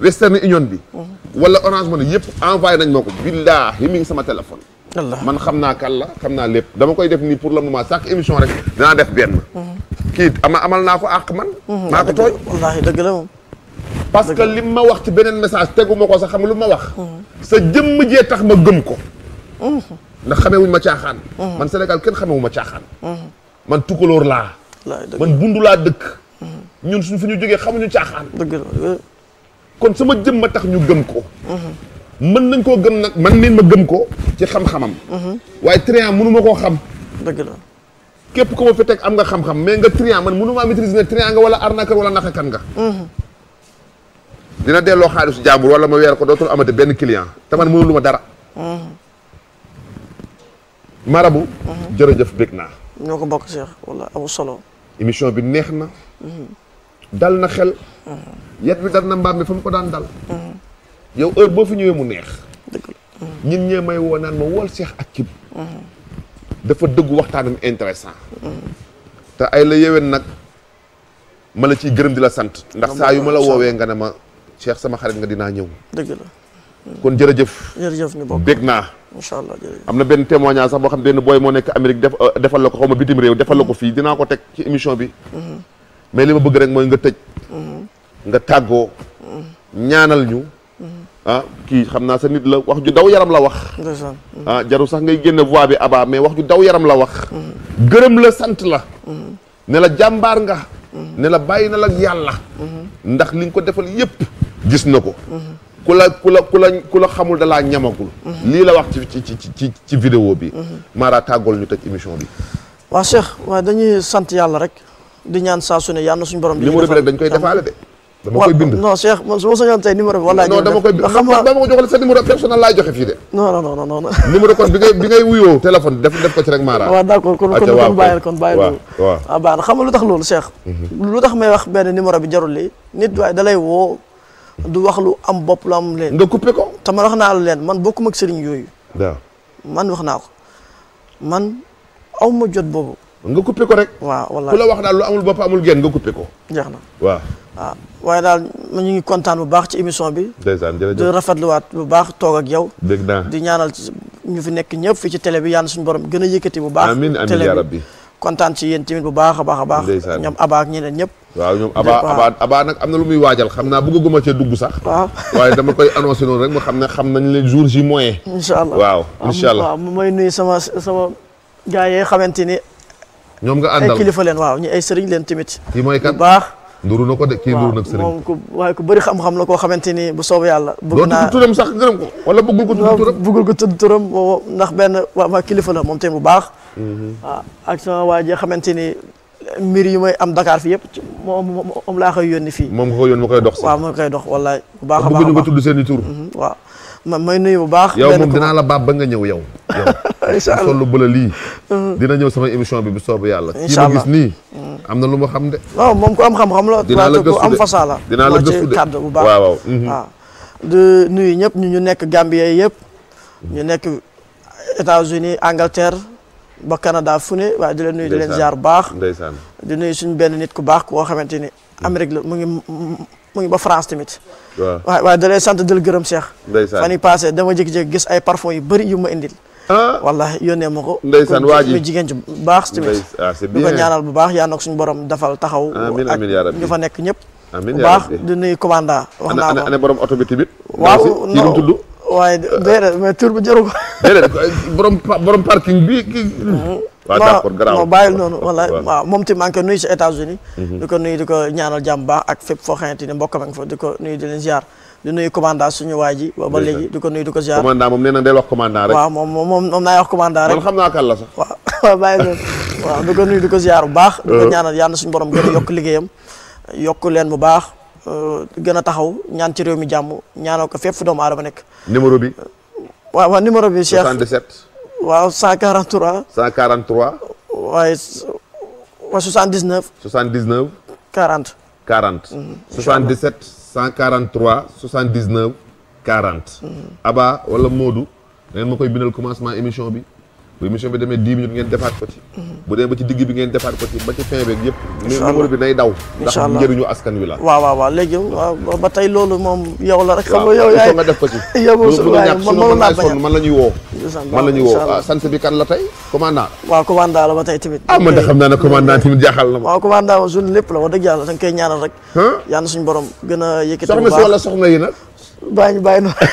Western Union bi. wala Orange Money yëpp envoyé nañ ma ko. billaahi mi ngi sama téléphone. man xam naa kan la xam naa lépp dama koy def nii pour le moment chaque émission rek dinaa def benn kii ama amal naa ko àq man mhm. maa ko tooñ parce que li ma wax ci beneen message teguma ko sa xam lu ma wax mhm. sa jëmm jee tax ma gëm ko mhm. ndax xamewuñ ma caaxaan man Sénégal kenn xamewu ma caaxaan man tukulóor laa man bundu laa dëkk ñun suñ fi ñu jógee xamuñu caaxaan dëgg kon sama jëmm ma tax ñu gëm ko mën nañ koo gëm nag man neen ma gëm ko ci xam-xamam mhm. waaye triant mënu ma koo xam képp ko ma fi teg am nga xam-xam mais nga triant man mënu maa maîtriser ne triant nga wala arnaqueur wala naxakan nga mhm. dina delloo xaalisu jàmbur wala ma weer ko dootul amati benn client te man mënu lu ma dara mhm. marabu jërëjëf bég naa ñoo ko bokk Cheikh wala amu solo émission bi neex na dal na xel yet bi dal na mbaam mi fa mu ko daan dal yow heure boo fi ñëwee mu neex. dëgg ñee may woo naan ma wool Cheikh ak Kib. Mm-hmm. dafa dëggu waxtaanam intéressant mm-hmm. te ay la yéwén nag ma la ciy gërëm di la sant. ndax saa yu ma la woowee nga ne ma Cheikh sama xarit nga dinaa ñëw. dëgg la. kon jërëjëf. jërëjëf ñu bokk bég naa. incha am na benn témoignage sax boo xam ne booy moo nekk Amérique def euh, defal la ko xaw ma bitim réew defal la ko fii dinaa ko teg ci émission bi. Mm-hmm. mais li ma bëgg rek mooy nga tëj. nga tàggoo. ñaanal ñu. ah kii xam naa sa nit la wax ju daw yaram la wax ah jaru sax ngay génne voix bi aba mais wax ju daw yaram la wax gërëm la sant la ne la jàmbaar nga ne la bàyyi na la yàlla ndax li nga ko defal yépp gis na ko ku la ku la ku la ku la xamul da laa ñamagul lii la wax ci ci ci ci ci bi Mara ñu tëj émission bi waaw Cheikh waaye dañuy sant yàlla rek di ñaan saa su ne yàlla na suñu borom bi li mu rek dañ koy defaale de dama koy bind non Cheikh man su ma soñoon tey numéro bi wala non dama koy bind xam nga dama ko jox joxe fii de non non non kon bi ngay bi ngay wuyoo téléphone def def ko ci rek maara waaw d'accord kon kon kon bàyyil kon bàyyil loolu waaw ah, baax xam nga lu tax loolu Cheikh mhm. lu tax may wax benn numéro bi jarul lii nit waaye dalay woo du wax lu am bopp lu am leen nga coupé ko tama man wax naa la leen man bokkuma ak sëriñ yooyu waaw man wax naa ko man aw ma jot boobu nga coupé ko rek waaw wallaahi la wax daal lu amul bopp amul geen nga kuppe ko jeex na waaw waaw ah, waaye daal ñu ngi kontaan bu baax ci émission bi. ndeysaan jërëjëf di rafetluwaat bu baax toog ak yow. dégg naa di ñaanal ñu fi nekk ñëpp fii ci télé bi yàlla suñu borom gën a yëkkati bu baax. amiin amiin yaa rabbi kontaan ci yéen tamit bu baax a baax a baax. ndeysaan ñoom Aba ak ñeneen ñëpp. waaw ñoom Aba Aba Aba nag am na lu muy waajal xam naa bëgguma cee dugg sax. waaw waaye dama koy annoncé noonu rek ma xam ne xam nañ leen jours yi moyen. incha allah waaw incha allah waaw mooy nuyu sama sama gars yi xamante ni. ñoom nga àndal ay kilifa leen waaw ñu ay sëriñ leen tamit. kii mooy kan baax nduru na ko de kii nduru nag sëriñ moom ku waaye ku bëri xam-xam la koo xamante ni bu soob yàlla bëgg naa doo tudd turam sax gërëm ko wala bëggul ko tudd turam bëggul ko tudd turam ndax benn waa kilifa la moom tamit bu baax mhm. ak sama waa ji xamante ni mbir yu may am Dakar fi yëpp moom moom laa koy yónni fii moom nga koy yónni ma koy dox si waaw ma koy dox wallaay bu baax a baax bëgguñu ko tur mhm, waaw ma may nuyu bu baax. yow moom dinaa la baab ba nga ñëw yow. incha allah sol lu bële mm-hmm. dina ñëw sama émission bi bu soobu yàlla. incha kii ma gis nii. Mm-hmm. am na lu ma xam de. waaw moom ku am xam-xam la. dinaa la gëstu de am la. dinaa la gëstu de kàddu bu baax waaw waaw. Mm-hmm. ñu ñu nekk Gambie yëpp. ñu nekk États-Unis Angleterre. ba Canada fu ne waaye di leen nuyu di baax. di nuyu suñu benn nit ku baax koo xamante ni. Amérique mu ngi. mu ngi ba France tamit. waaw waaw waaw da lay sant di la gërëm Cheikh. ndeysaan fan yii passé dama jékki-jékki gis ay parfum yu bëri yu ma indil. ah wallaahi yónnee ma ko. ndeysaan waa ji jigéen ci baax. tamit ah, di ko ñaanal bu baax yaa nag suñu borom dafal taxaw. ak ñu fa nekk ñëpp. bu baax di nuyu commandant. wax naa borom oto bi tamit. waaw non waaye déedéet mais tur bi jëru waaw d'accord garaaw non bàyyil noonu wala waaw moom ti maa nuyu si États-Unis mhm. di ko nuyu di ko ñaanal jàmm baax ak fépp foo xamante ni mbokk ma fa di ko nuyu di ko nuyu ko ziar commandant moom nee na del wax moom moom moom naay wax commandant rek man di ko nuyu bu baax di ko euh. ñaanal yàlla suñu borom gën a yokk liggéeyam yokk leen bu baax euh, gën a taxaw ñaan ci réew mi jàmm ñaanal ko fépp fu doomu aadama nekk numéro bi waaw waaw numéro bi Cheikh 77 waaw 143. 143. waaye wa 79. 79. 40. 40. Mm -hmm. 77 143 79 40. Mm -hmm. Aba wala Modou. da ngeen ma koy bindal commencement émission bi. bu émission bi demee dix minutes ngeen defaat ko ci mhm. bu demee ba ci digg bi ngeen defaat ko ci ba ci fin beeg yëpp numéro bi nay daw ndax njëriñu askan wi la waaw waaw waaw léegi waaw ba tey loolu moom yow la rek xam nga yow la ñuy woo man la ah, bi kan la tey commandant waaw commandant la ba tey tamit am ah, man de xam naa ne commandant tamit jaaxal na ma waaw commandant ma suñu lépp la wax dëgg yàlla da nga koy ñaanal rek yàlla suñu borom gën a yëkkati soxna si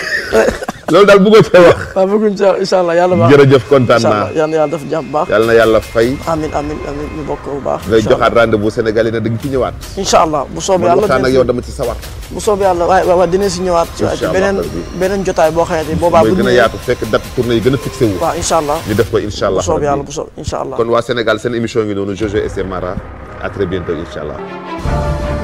loolu daal bëggoo cee wax. waaw bëgguñ cee wax incha allah yàlla baax jërëjëf kontaan naa yal na yàlla def jàmm fay. amiin amiin bokk baax. ngay joxaat rendez-vous Sénégal yi ne ci ñëwaat. incha allah bu soob yàlla waxtaan ak yow dama ci sawar. bu soobee yàlla waaye waaw dinañ si ñëwaat. incha allah beneen jotaay boo xamante ni boobaa. bu gën a yaatu fekk date tournée yi gën a fixé wu. waaw incha allah ñu def ko incha allah. bu soobee yàlla bu soobee allah. kon waa Sénégal seen émission ngi noonu Jojo et Ses Maras à allah